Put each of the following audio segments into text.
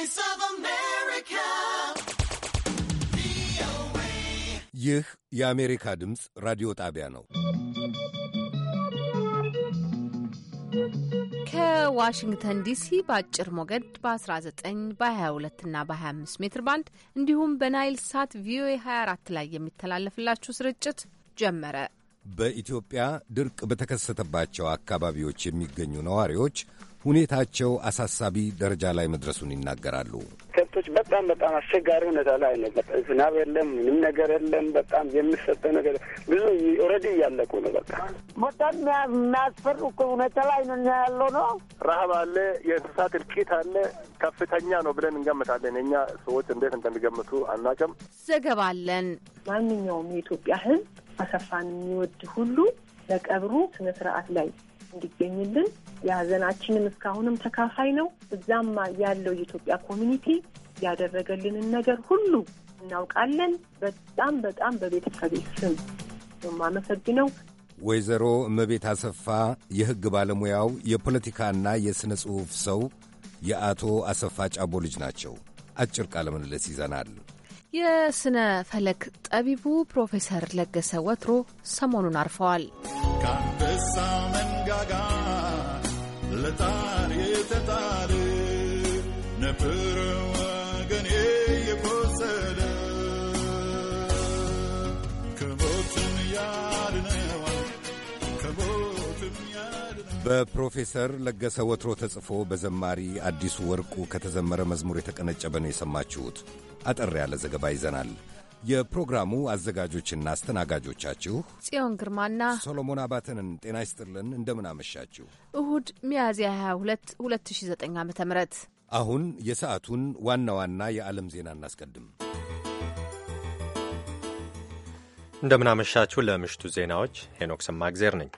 Voice of America. ይህ የአሜሪካ ድምፅ ራዲዮ ጣቢያ ነው። ከዋሽንግተን ዲሲ በአጭር ሞገድ በ19 በ22 እና በ25 ሜትር ባንድ እንዲሁም በናይል ሳት ቪኦኤ 24 ላይ የሚተላለፍላችሁ ስርጭት ጀመረ። በኢትዮጵያ ድርቅ በተከሰተባቸው አካባቢዎች የሚገኙ ነዋሪዎች ሁኔታቸው አሳሳቢ ደረጃ ላይ መድረሱን ይናገራሉ። ከብቶች በጣም በጣም አስቸጋሪ ሁኔታ ላይ ነው። ዝናብ የለም፣ ምንም ነገር የለም። በጣም የሚሰጠው ነገር ብዙ ኦልሬዲ እያለቁ ነው። በቃ በጣም የሚያስፈሩ ሁኔታ ላይ ነው እኛ ያለው ነው። ረሀብ አለ፣ የእንስሳት እልቂት አለ። ከፍተኛ ነው ብለን እንገምታለን። እኛ ሰዎች እንዴት እንደሚገምቱ አናውቅም። ዘገባ አለን። ማንኛውም የኢትዮጵያ ሕዝብ አሰፋን የሚወድ ሁሉ ለቀብሩ ስነ ስርዓት ላይ እንዲገኝልን የሀዘናችንም እስካሁንም ተካፋይ ነው። እዛም ያለው የኢትዮጵያ ኮሚኒቲ ያደረገልንን ነገር ሁሉ እናውቃለን። በጣም በጣም በቤተሰብ ስም የማመሰግነው ወይዘሮ እመቤት አሰፋ የሕግ ባለሙያው የፖለቲካና የሥነ ጽሑፍ ሰው የአቶ አሰፋ ጫቦ ልጅ ናቸው። አጭር ቃለ ምልልስ ይዘናል። የስነ ፈለክ ጠቢቡ ፕሮፌሰር ለገሰ ወትሮ ሰሞኑን አርፈዋል። ከአንበሳ መንጋጋ ለጣር የተጣር ነበር በፕሮፌሰር ለገሰ ወትሮ ተጽፎ በዘማሪ አዲሱ ወርቁ ከተዘመረ መዝሙር የተቀነጨበ ነው የሰማችሁት። አጠር ያለ ዘገባ ይዘናል። የፕሮግራሙ አዘጋጆችና አስተናጋጆቻችሁ ጽዮን ግርማና ሶሎሞን አባተንን። ጤና ይስጥልን፣ እንደምን አመሻችሁ። እሁድ ሚያዝያ 22 2009 ዓ ም አሁን የሰዓቱን ዋና ዋና የዓለም ዜና እናስቀድም። እንደምን አመሻችሁ። ለምሽቱ ዜናዎች ሄኖክ ሰማእግዜር ነኝ።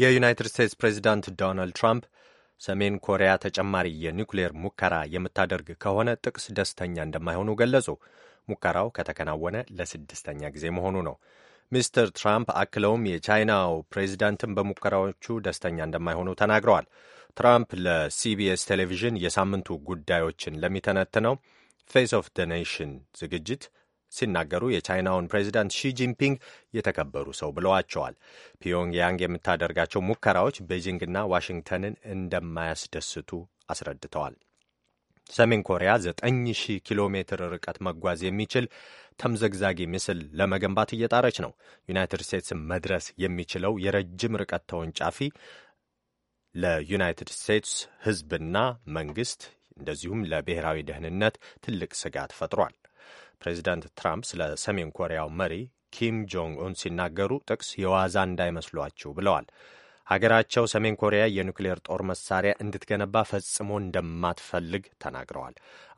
የዩናይትድ ስቴትስ ፕሬዚዳንት ዶናልድ ትራምፕ ሰሜን ኮሪያ ተጨማሪ የኒውክሌር ሙከራ የምታደርግ ከሆነ ጥቅስ ደስተኛ እንደማይሆኑ ገለጹ። ሙከራው ከተከናወነ ለስድስተኛ ጊዜ መሆኑ ነው። ሚስተር ትራምፕ አክለውም የቻይናው ፕሬዚዳንትን በሙከራዎቹ ደስተኛ እንደማይሆኑ ተናግረዋል። ትራምፕ ለሲቢኤስ ቴሌቪዥን የሳምንቱ ጉዳዮችን ለሚተነትነው ፌስ ኦፍ ደ ኔሽን ዝግጅት ሲናገሩ የቻይናውን ፕሬዚዳንት ሺጂንፒንግ የተከበሩ ሰው ብለዋቸዋል። ፒዮንግያንግ የምታደርጋቸው ሙከራዎች ቤጂንግና ዋሽንግተንን እንደማያስደስቱ አስረድተዋል። ሰሜን ኮሪያ 9000 ኪሎ ሜትር ርቀት መጓዝ የሚችል ተምዘግዛጊ ምስል ለመገንባት እየጣረች ነው። ዩናይትድ ስቴትስ መድረስ የሚችለው የረጅም ርቀት ተወንጫፊ ለዩናይትድ ስቴትስ ሕዝብና መንግስት እንደዚሁም ለብሔራዊ ደህንነት ትልቅ ስጋት ፈጥሯል። ፕሬዚዳንት ትራምፕ ስለ ሰሜን ኮሪያው መሪ ኪም ጆንግ ኡን ሲናገሩ ጥቅስ የዋዛ እንዳይመስሏችሁ ብለዋል። ሀገራቸው ሰሜን ኮሪያ የኑክሌር ጦር መሳሪያ እንድትገነባ ፈጽሞ እንደማትፈልግ ተናግረዋል።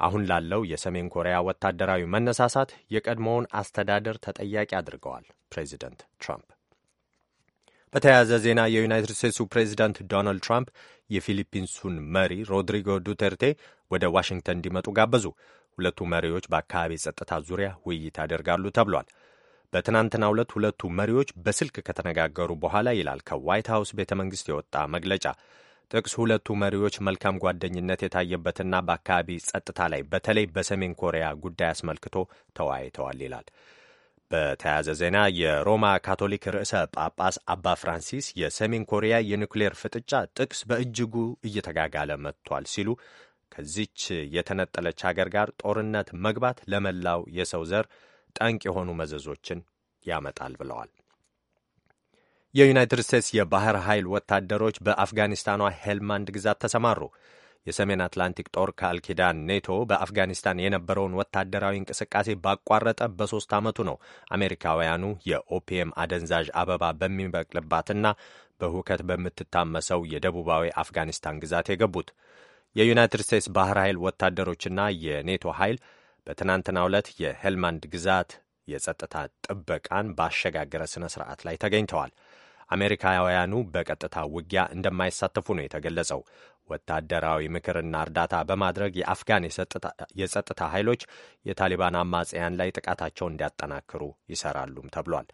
አሁን ላለው የሰሜን ኮሪያ ወታደራዊ መነሳሳት የቀድሞውን አስተዳደር ተጠያቂ አድርገዋል ፕሬዚደንት ትራምፕ። በተያያዘ ዜና የዩናይትድ ስቴትሱ ፕሬዚዳንት ዶናልድ ትራምፕ የፊሊፒንሱን መሪ ሮድሪጎ ዱቴርቴ ወደ ዋሽንግተን እንዲመጡ ጋበዙ። ሁለቱ መሪዎች በአካባቢ ጸጥታ ዙሪያ ውይይት ያደርጋሉ ተብሏል። በትናንትና ዕለት ሁለቱ መሪዎች በስልክ ከተነጋገሩ በኋላ ይላል ከዋይት ሀውስ ቤተ መንግሥት የወጣ መግለጫ ጥቅስ ሁለቱ መሪዎች መልካም ጓደኝነት የታየበትና በአካባቢ ጸጥታ ላይ በተለይ በሰሜን ኮሪያ ጉዳይ አስመልክቶ ተወያይተዋል ይላል። በተያያዘ ዜና የሮማ ካቶሊክ ርዕሰ ጳጳስ አባ ፍራንሲስ የሰሜን ኮሪያ የኒውክሌር ፍጥጫ ጥቅስ በእጅጉ እየተጋጋለ መጥቷል ሲሉ ከዚች የተነጠለች አገር ጋር ጦርነት መግባት ለመላው የሰው ዘር ጠንቅ የሆኑ መዘዞችን ያመጣል ብለዋል። የዩናይትድ ስቴትስ የባህር ኃይል ወታደሮች በአፍጋኒስታኗ ሄልማንድ ግዛት ተሰማሩ። የሰሜን አትላንቲክ ጦር ከአልኪዳን ኔቶ በአፍጋኒስታን የነበረውን ወታደራዊ እንቅስቃሴ ባቋረጠ በሦስት ዓመቱ ነው አሜሪካውያኑ የኦፒየም አደንዛዥ አበባ በሚበቅልባትና በሁከት በምትታመሰው የደቡባዊ አፍጋኒስታን ግዛት የገቡት። የዩናይትድ ስቴትስ ባህር ኃይል ወታደሮችና የኔቶ ኃይል በትናንትናው ዕለት የሄልማንድ ግዛት የጸጥታ ጥበቃን ባሸጋገረ ሥነ ሥርዓት ላይ ተገኝተዋል። አሜሪካውያኑ በቀጥታ ውጊያ እንደማይሳተፉ ነው የተገለጸው። ወታደራዊ ምክርና እርዳታ በማድረግ የአፍጋን የጸጥታ ኃይሎች የታሊባን አማጽያን ላይ ጥቃታቸውን እንዲያጠናክሩ ይሰራሉም ተብሏል።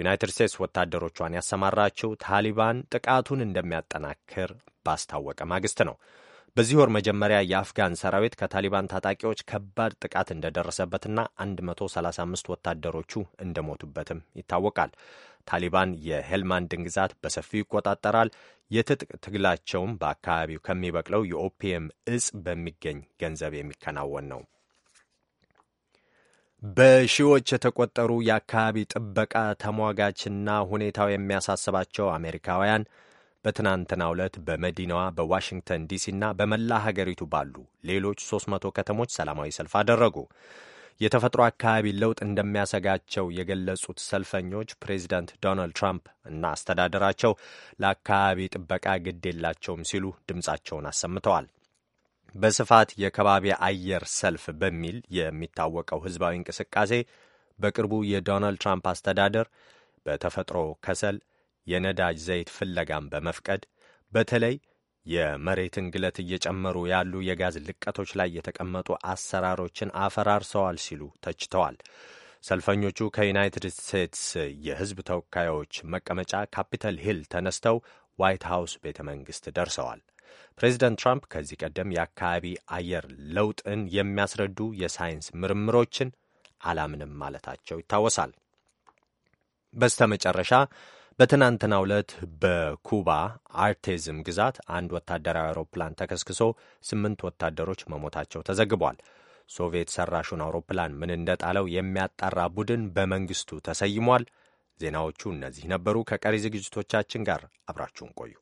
ዩናይትድ ስቴትስ ወታደሮቿን ያሰማራችው ታሊባን ጥቃቱን እንደሚያጠናክር ባስታወቀ ማግስት ነው። በዚህ ወር መጀመሪያ የአፍጋን ሰራዊት ከታሊባን ታጣቂዎች ከባድ ጥቃት እንደደረሰበትና 135 ወታደሮቹ እንደሞቱበትም ይታወቃል። ታሊባን የሄልማንድን ግዛት በሰፊው ይቆጣጠራል። የትጥቅ ትግላቸውም በአካባቢው ከሚበቅለው የኦፒየም እጽ በሚገኝ ገንዘብ የሚከናወን ነው። በሺዎች የተቆጠሩ የአካባቢ ጥበቃ ተሟጋችና ሁኔታው የሚያሳስባቸው አሜሪካውያን በትናንትናው ዕለት በመዲናዋ በዋሽንግተን ዲሲና በመላ ሀገሪቱ ባሉ ሌሎች 300 ከተሞች ሰላማዊ ሰልፍ አደረጉ። የተፈጥሮ አካባቢ ለውጥ እንደሚያሰጋቸው የገለጹት ሰልፈኞች ፕሬዚዳንት ዶናልድ ትራምፕ እና አስተዳደራቸው ለአካባቢ ጥበቃ ግድ የላቸውም ሲሉ ድምፃቸውን አሰምተዋል። በስፋት የከባቢ አየር ሰልፍ በሚል የሚታወቀው ህዝባዊ እንቅስቃሴ በቅርቡ የዶናልድ ትራምፕ አስተዳደር በተፈጥሮ ከሰል የነዳጅ ዘይት ፍለጋን በመፍቀድ በተለይ የመሬትን ግለት እየጨመሩ ያሉ የጋዝ ልቀቶች ላይ የተቀመጡ አሰራሮችን አፈራርሰዋል ሲሉ ተችተዋል። ሰልፈኞቹ ከዩናይትድ ስቴትስ የሕዝብ ተወካዮች መቀመጫ ካፒተል ሂል ተነስተው ዋይት ሃውስ ቤተ መንግሥት ደርሰዋል። ፕሬዚደንት ትራምፕ ከዚህ ቀደም የአካባቢ አየር ለውጥን የሚያስረዱ የሳይንስ ምርምሮችን አላምንም ማለታቸው ይታወሳል። በስተ መጨረሻ በትናንትናው ዕለት በኩባ አርቴዝም ግዛት አንድ ወታደራዊ አውሮፕላን ተከስክሶ ስምንት ወታደሮች መሞታቸው ተዘግቧል። ሶቪየት ሰራሹን አውሮፕላን ምን እንደጣለው የሚያጣራ ቡድን በመንግስቱ ተሰይሟል። ዜናዎቹ እነዚህ ነበሩ። ከቀሪ ዝግጅቶቻችን ጋር አብራችሁን ቆዩ።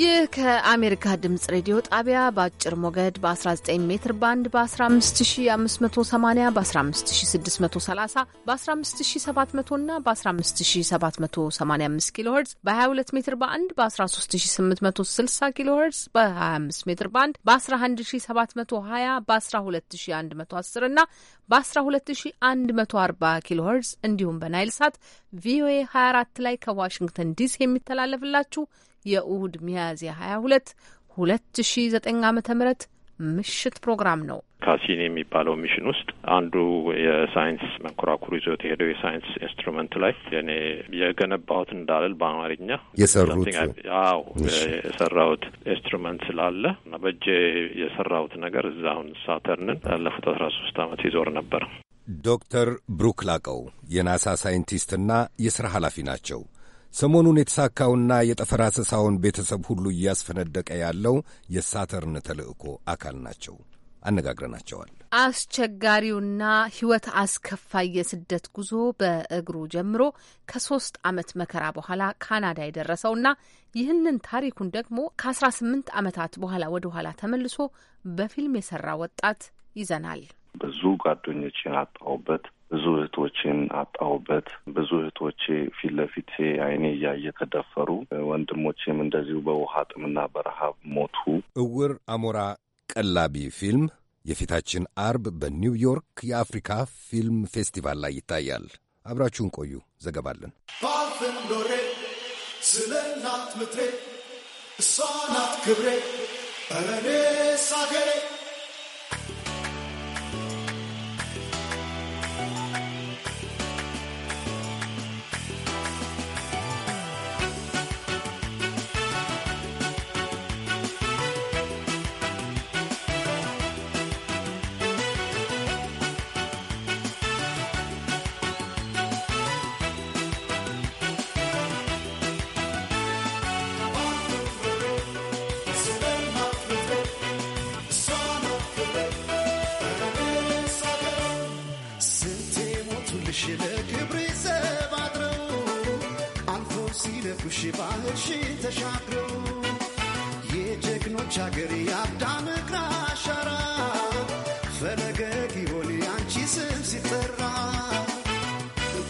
ይህ ከአሜሪካ ድምጽ ሬዲዮ ጣቢያ በአጭር ሞገድ በ19 ሜትር ባንድ በ15580 በ15630 በ15700 እና በ15785 ኪሎ ሄርዝ በ22 ሜትር ባንድ በ13860 ኪሎ ሄርዝ በ25 ሜትር ባንድ በ11720 በ12110 እና በ12140 ኪሎ ሄርዝ እንዲሁም በናይል ሳት ቪኦኤ 24 ላይ ከዋሽንግተን ዲሲ የሚተላለፍላችሁ የእሁድ ሚያዝያ 22 2009 ዓመተ ምህረት ምሽት ፕሮግራም ነው። ካሲኒ የሚባለው ሚሽን ውስጥ አንዱ የሳይንስ መንኮራኩር ይዞ የተሄደው የሳይንስ ኢንስትሩመንት ላይ እኔ የገነባሁት እንዳለል በአማርኛ የሰሩት አዎ የሰራሁት ኢንስትሩመንት ስላለ እና በእጄ የሰራሁት ነገር እዛ አሁን ሳተርንን ያለፉት አስራ ሶስት አመት ይዞር ነበር። ዶክተር ብሩክ ላቀው የናሳ ሳይንቲስትና የስራ ኃላፊ ናቸው። ሰሞኑን የተሳካውና የጠፈራሰሳውን ቤተሰብ ሁሉ እያስፈነደቀ ያለው የሳተርን ተልዕኮ አካል ናቸው። አነጋግረናቸዋል። አስቸጋሪውና ሕይወት አስከፋይ የስደት ጉዞ በእግሩ ጀምሮ ከሶስት ዓመት መከራ በኋላ ካናዳ የደረሰውና ይህንን ታሪኩን ደግሞ ከ18 ዓመታት በኋላ ወደ ኋላ ተመልሶ በፊልም የሰራ ወጣት ይዘናል። ብዙ ጓደኞች አጣሁበት። ብዙ እህቶችን አጣሁበት። ብዙ እህቶቼ ፊት ለፊቴ አይኔ እያየ ተደፈሩ። ወንድሞቼም እንደዚሁ በውሃ ጥምና በረሃብ ሞቱ። እውር አሞራ ቀላቢ ፊልም የፊታችን አርብ በኒውዮርክ የአፍሪካ ፊልም ፌስቲቫል ላይ ይታያል። አብራችሁን ቆዩ። ዘገባለን ባልፈንዶሬ ስለ እናት ምትሬ እሷ ናት ክብሬ እረኔ ሳገሬ ሺህ ባህር ሺህ ተሻግሮ የጀግኖች አገር ያዳምቅና አሻራ ፈለገግ ይሆን አንቺ ስም ሲጠራ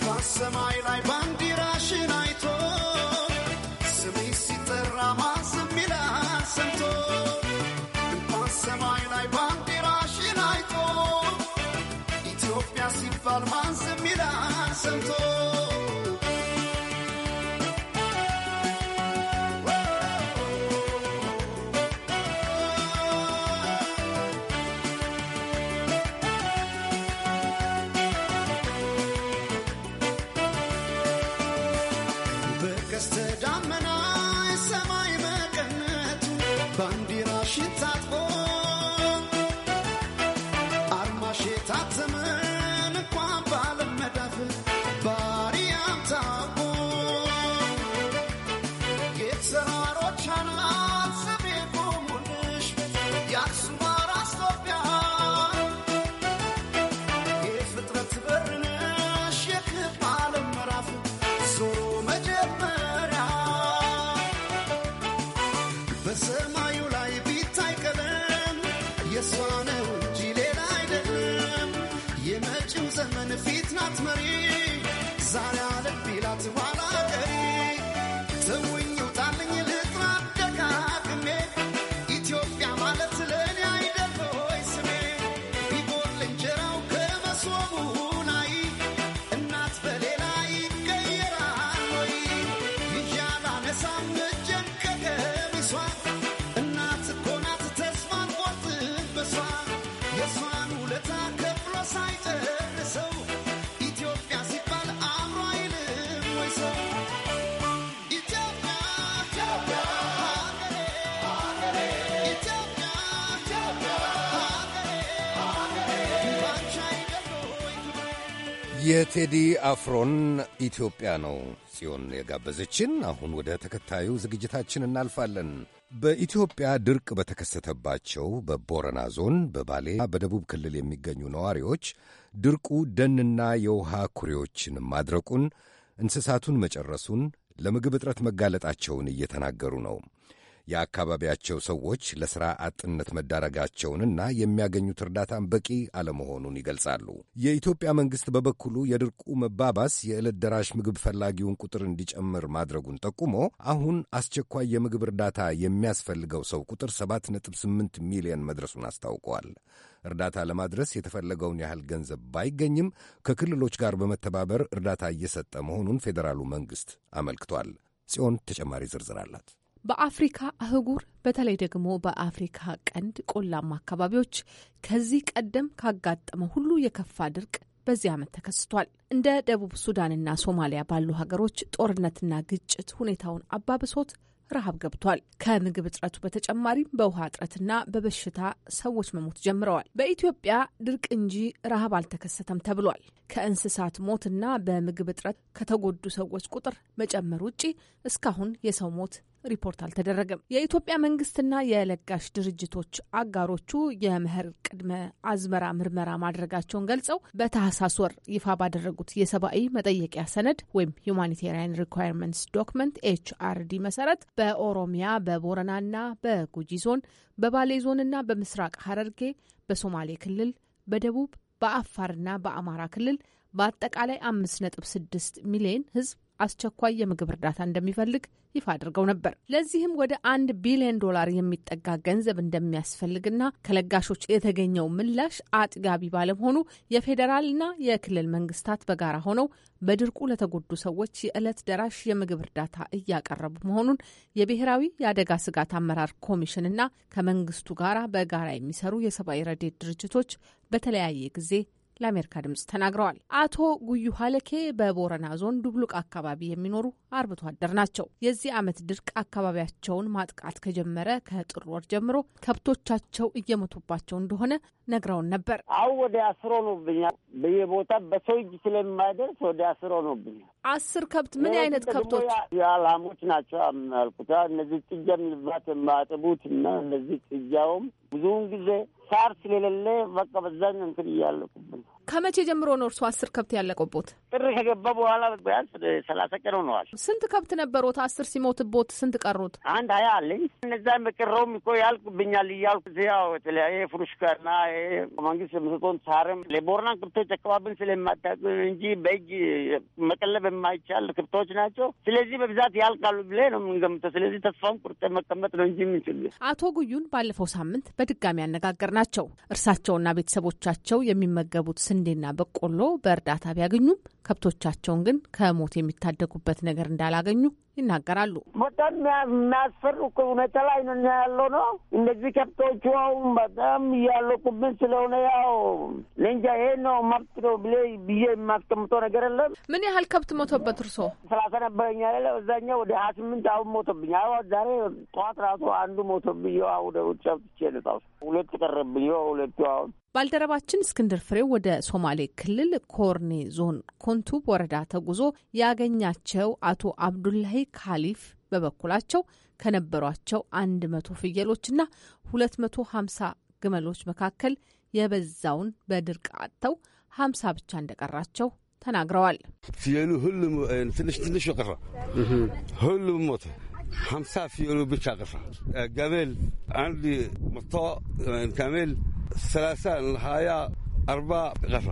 በሰማይ ላይ ባንድ Atmarin የቴዲ አፍሮን ኢትዮጵያ ነው ጽዮን የጋበዘችን። አሁን ወደ ተከታዩ ዝግጅታችን እናልፋለን። በኢትዮጵያ ድርቅ በተከሰተባቸው በቦረና ዞን በባሌ በደቡብ ክልል የሚገኙ ነዋሪዎች ድርቁ ደንና የውሃ ኩሬዎችን ማድረቁን፣ እንስሳቱን መጨረሱን፣ ለምግብ እጥረት መጋለጣቸውን እየተናገሩ ነው። የአካባቢያቸው ሰዎች ለሥራ አጥነት መዳረጋቸውንና የሚያገኙት እርዳታን በቂ አለመሆኑን ይገልጻሉ። የኢትዮጵያ መንግሥት በበኩሉ የድርቁ መባባስ የዕለት ደራሽ ምግብ ፈላጊውን ቁጥር እንዲጨምር ማድረጉን ጠቁሞ አሁን አስቸኳይ የምግብ እርዳታ የሚያስፈልገው ሰው ቁጥር 7.8 ሚሊዮን መድረሱን አስታውቀዋል። እርዳታ ለማድረስ የተፈለገውን ያህል ገንዘብ ባይገኝም ከክልሎች ጋር በመተባበር እርዳታ እየሰጠ መሆኑን ፌዴራሉ መንግሥት አመልክቷል። ጽዮን ተጨማሪ ዝርዝር አላት። በአፍሪካ አህጉር በተለይ ደግሞ በአፍሪካ ቀንድ ቆላማ አካባቢዎች ከዚህ ቀደም ካጋጠመ ሁሉ የከፋ ድርቅ በዚህ ዓመት ተከስቷል። እንደ ደቡብ ሱዳንና ሶማሊያ ባሉ ሀገሮች ጦርነትና ግጭት ሁኔታውን አባብሶት ረሃብ ገብቷል። ከምግብ እጥረቱ በተጨማሪም በውሃ እጥረትና በበሽታ ሰዎች መሞት ጀምረዋል። በኢትዮጵያ ድርቅ እንጂ ረሃብ አልተከሰተም ተብሏል። ከእንስሳት ሞትና በምግብ እጥረት ከተጎዱ ሰዎች ቁጥር መጨመር ውጪ እስካሁን የሰው ሞት ሪፖርት አልተደረገም። የኢትዮጵያ መንግስትና የለጋሽ ድርጅቶች አጋሮቹ የመኸር ቅድመ አዝመራ ምርመራ ማድረጋቸውን ገልጸው በታህሳስ ወር ይፋ ባደረጉት የሰብአዊ መጠየቂያ ሰነድ ወይም ሁማኒቴሪያን ሪኳርመንትስ ዶክመንት ኤችአርዲ መሰረት በኦሮሚያ በቦረናና በጉጂ ዞን በባሌ ዞንና በምስራቅ ሐረርጌ በሶማሌ ክልል በደቡብ በአፋርና በአማራ ክልል በአጠቃላይ 5.6 ሚሊዮን ህዝብ አስቸኳይ የምግብ እርዳታ እንደሚፈልግ ይፋ አድርገው ነበር። ለዚህም ወደ አንድ ቢሊዮን ዶላር የሚጠጋ ገንዘብ እንደሚያስፈልግና ከለጋሾች የተገኘው ምላሽ አጥጋቢ ባለመሆኑ የፌዴራልና የክልል መንግስታት በጋራ ሆነው በድርቁ ለተጎዱ ሰዎች የዕለት ደራሽ የምግብ እርዳታ እያቀረቡ መሆኑን የብሔራዊ የአደጋ ስጋት አመራር ኮሚሽንና ከመንግስቱ ጋር በጋራ የሚሰሩ የሰብአዊ ረዴት ድርጅቶች በተለያየ ጊዜ ለአሜሪካ ድምጽ ተናግረዋል። አቶ ጉዩ ሀለኬ በቦረና ዞን ዱብሉቅ አካባቢ የሚኖሩ አርብቶ አደር ናቸው። የዚህ ዓመት ድርቅ አካባቢያቸውን ማጥቃት ከጀመረ ከጥር ወር ጀምሮ ከብቶቻቸው እየሞቱባቸው እንደሆነ ነግረውን ነበር። አሁ ወደ አስሮ ኖብኛል። በየቦታ በሰው እጅ ስለማይደርስ ወደ አስሮ ኖብኛል። አስር ከብት ምን አይነት ከብቶች? የላሞች ናቸው ያልኩት እነዚህ ጥጃ የሚልባት የማያጥቡት እና እነዚህ ጥጃውም ብዙውን ጊዜ ሳር ስለሌለ በቃ በዛን እንትን እያለቁብን ከመቼ ጀምሮ ነው እርሶ አስር ከብት ያለቀቦት? ጥር ከገባ በኋላ ቢያንስ ሰላሳ ቀን ሆነዋል። ስንት ከብት ነበሮት? አስር ሲሞትቦት ስንት ቀሩት? አንድ ሀያ አለኝ። እነዛ የቀረውም እኮ ያልቅብኛል እያልኩ ያው የተለያየ ፍሩሽካና መንግስት ምስቶን ሳርም ለቦርናን ክብቶች አካባቢን ስለማታቅ እንጂ በእጅ መቀለብ የማይቻል ክብቶች ናቸው። ስለዚህ በብዛት ያልቃሉ ብለህ ነው የምንገምተው። ስለዚህ ተስፋም ቁርጠ መቀመጥ ነው እንጂ የምንችል አቶ ጉዩን ባለፈው ሳምንት በድጋሚ ያነጋገር ናቸው። እርሳቸውና ቤተሰቦቻቸው የሚመገቡት ስንዴና በቆሎ በእርዳታ ቢያገኙም ከብቶቻቸውን ግን ከሞት የሚታደጉበት ነገር እንዳላገኙ ይናገራሉ። በጣም የሚያስፈሩ ሁኔታ ላይ ነው ያለው ነው። እንደዚህ ከብቶቹ አሁን በጣም እያለቁብን ስለሆነ ያው ለእንጃ ይሄ ነው መብት ነው ብዬ ብዬ የማስቀምጠው ነገር የለም። ምን ያህል ከብት ሞቶበት እርሶ? ሰላሳ ነበረኛ ለ በዛኛው ወደ ሀያ ስምንት አሁን ሞቶብኝ። አሁ ዛሬ ጠዋት ራሱ አንዱ ሞቶብኝ። ያው ውጭ ብቼ ሁለት ቀረብኝ። ሁለቱ አሁን ባልደረባችን እስክንድር ፍሬው ወደ ሶማሌ ክልል ኮርኔ ዞን ኮንቱብ ወረዳ ተጉዞ ያገኛቸው አቶ አብዱላሂ ካሊፍ በበኩላቸው ከነበሯቸው 100 ፍየሎችና 250 ግመሎች መካከል የበዛውን በድርቅ አጥተው 50 ብቻ እንደቀራቸው ተናግረዋል። ፍየሉ ሁሉም ትንሽ ትንሽ ቀረ፣ ሁሉም ሞተ። 50 ፍየሉ ብቻ ቀረ። ገመል አንድ መቶ ከመል 30 ሀያ 40 ቀረ።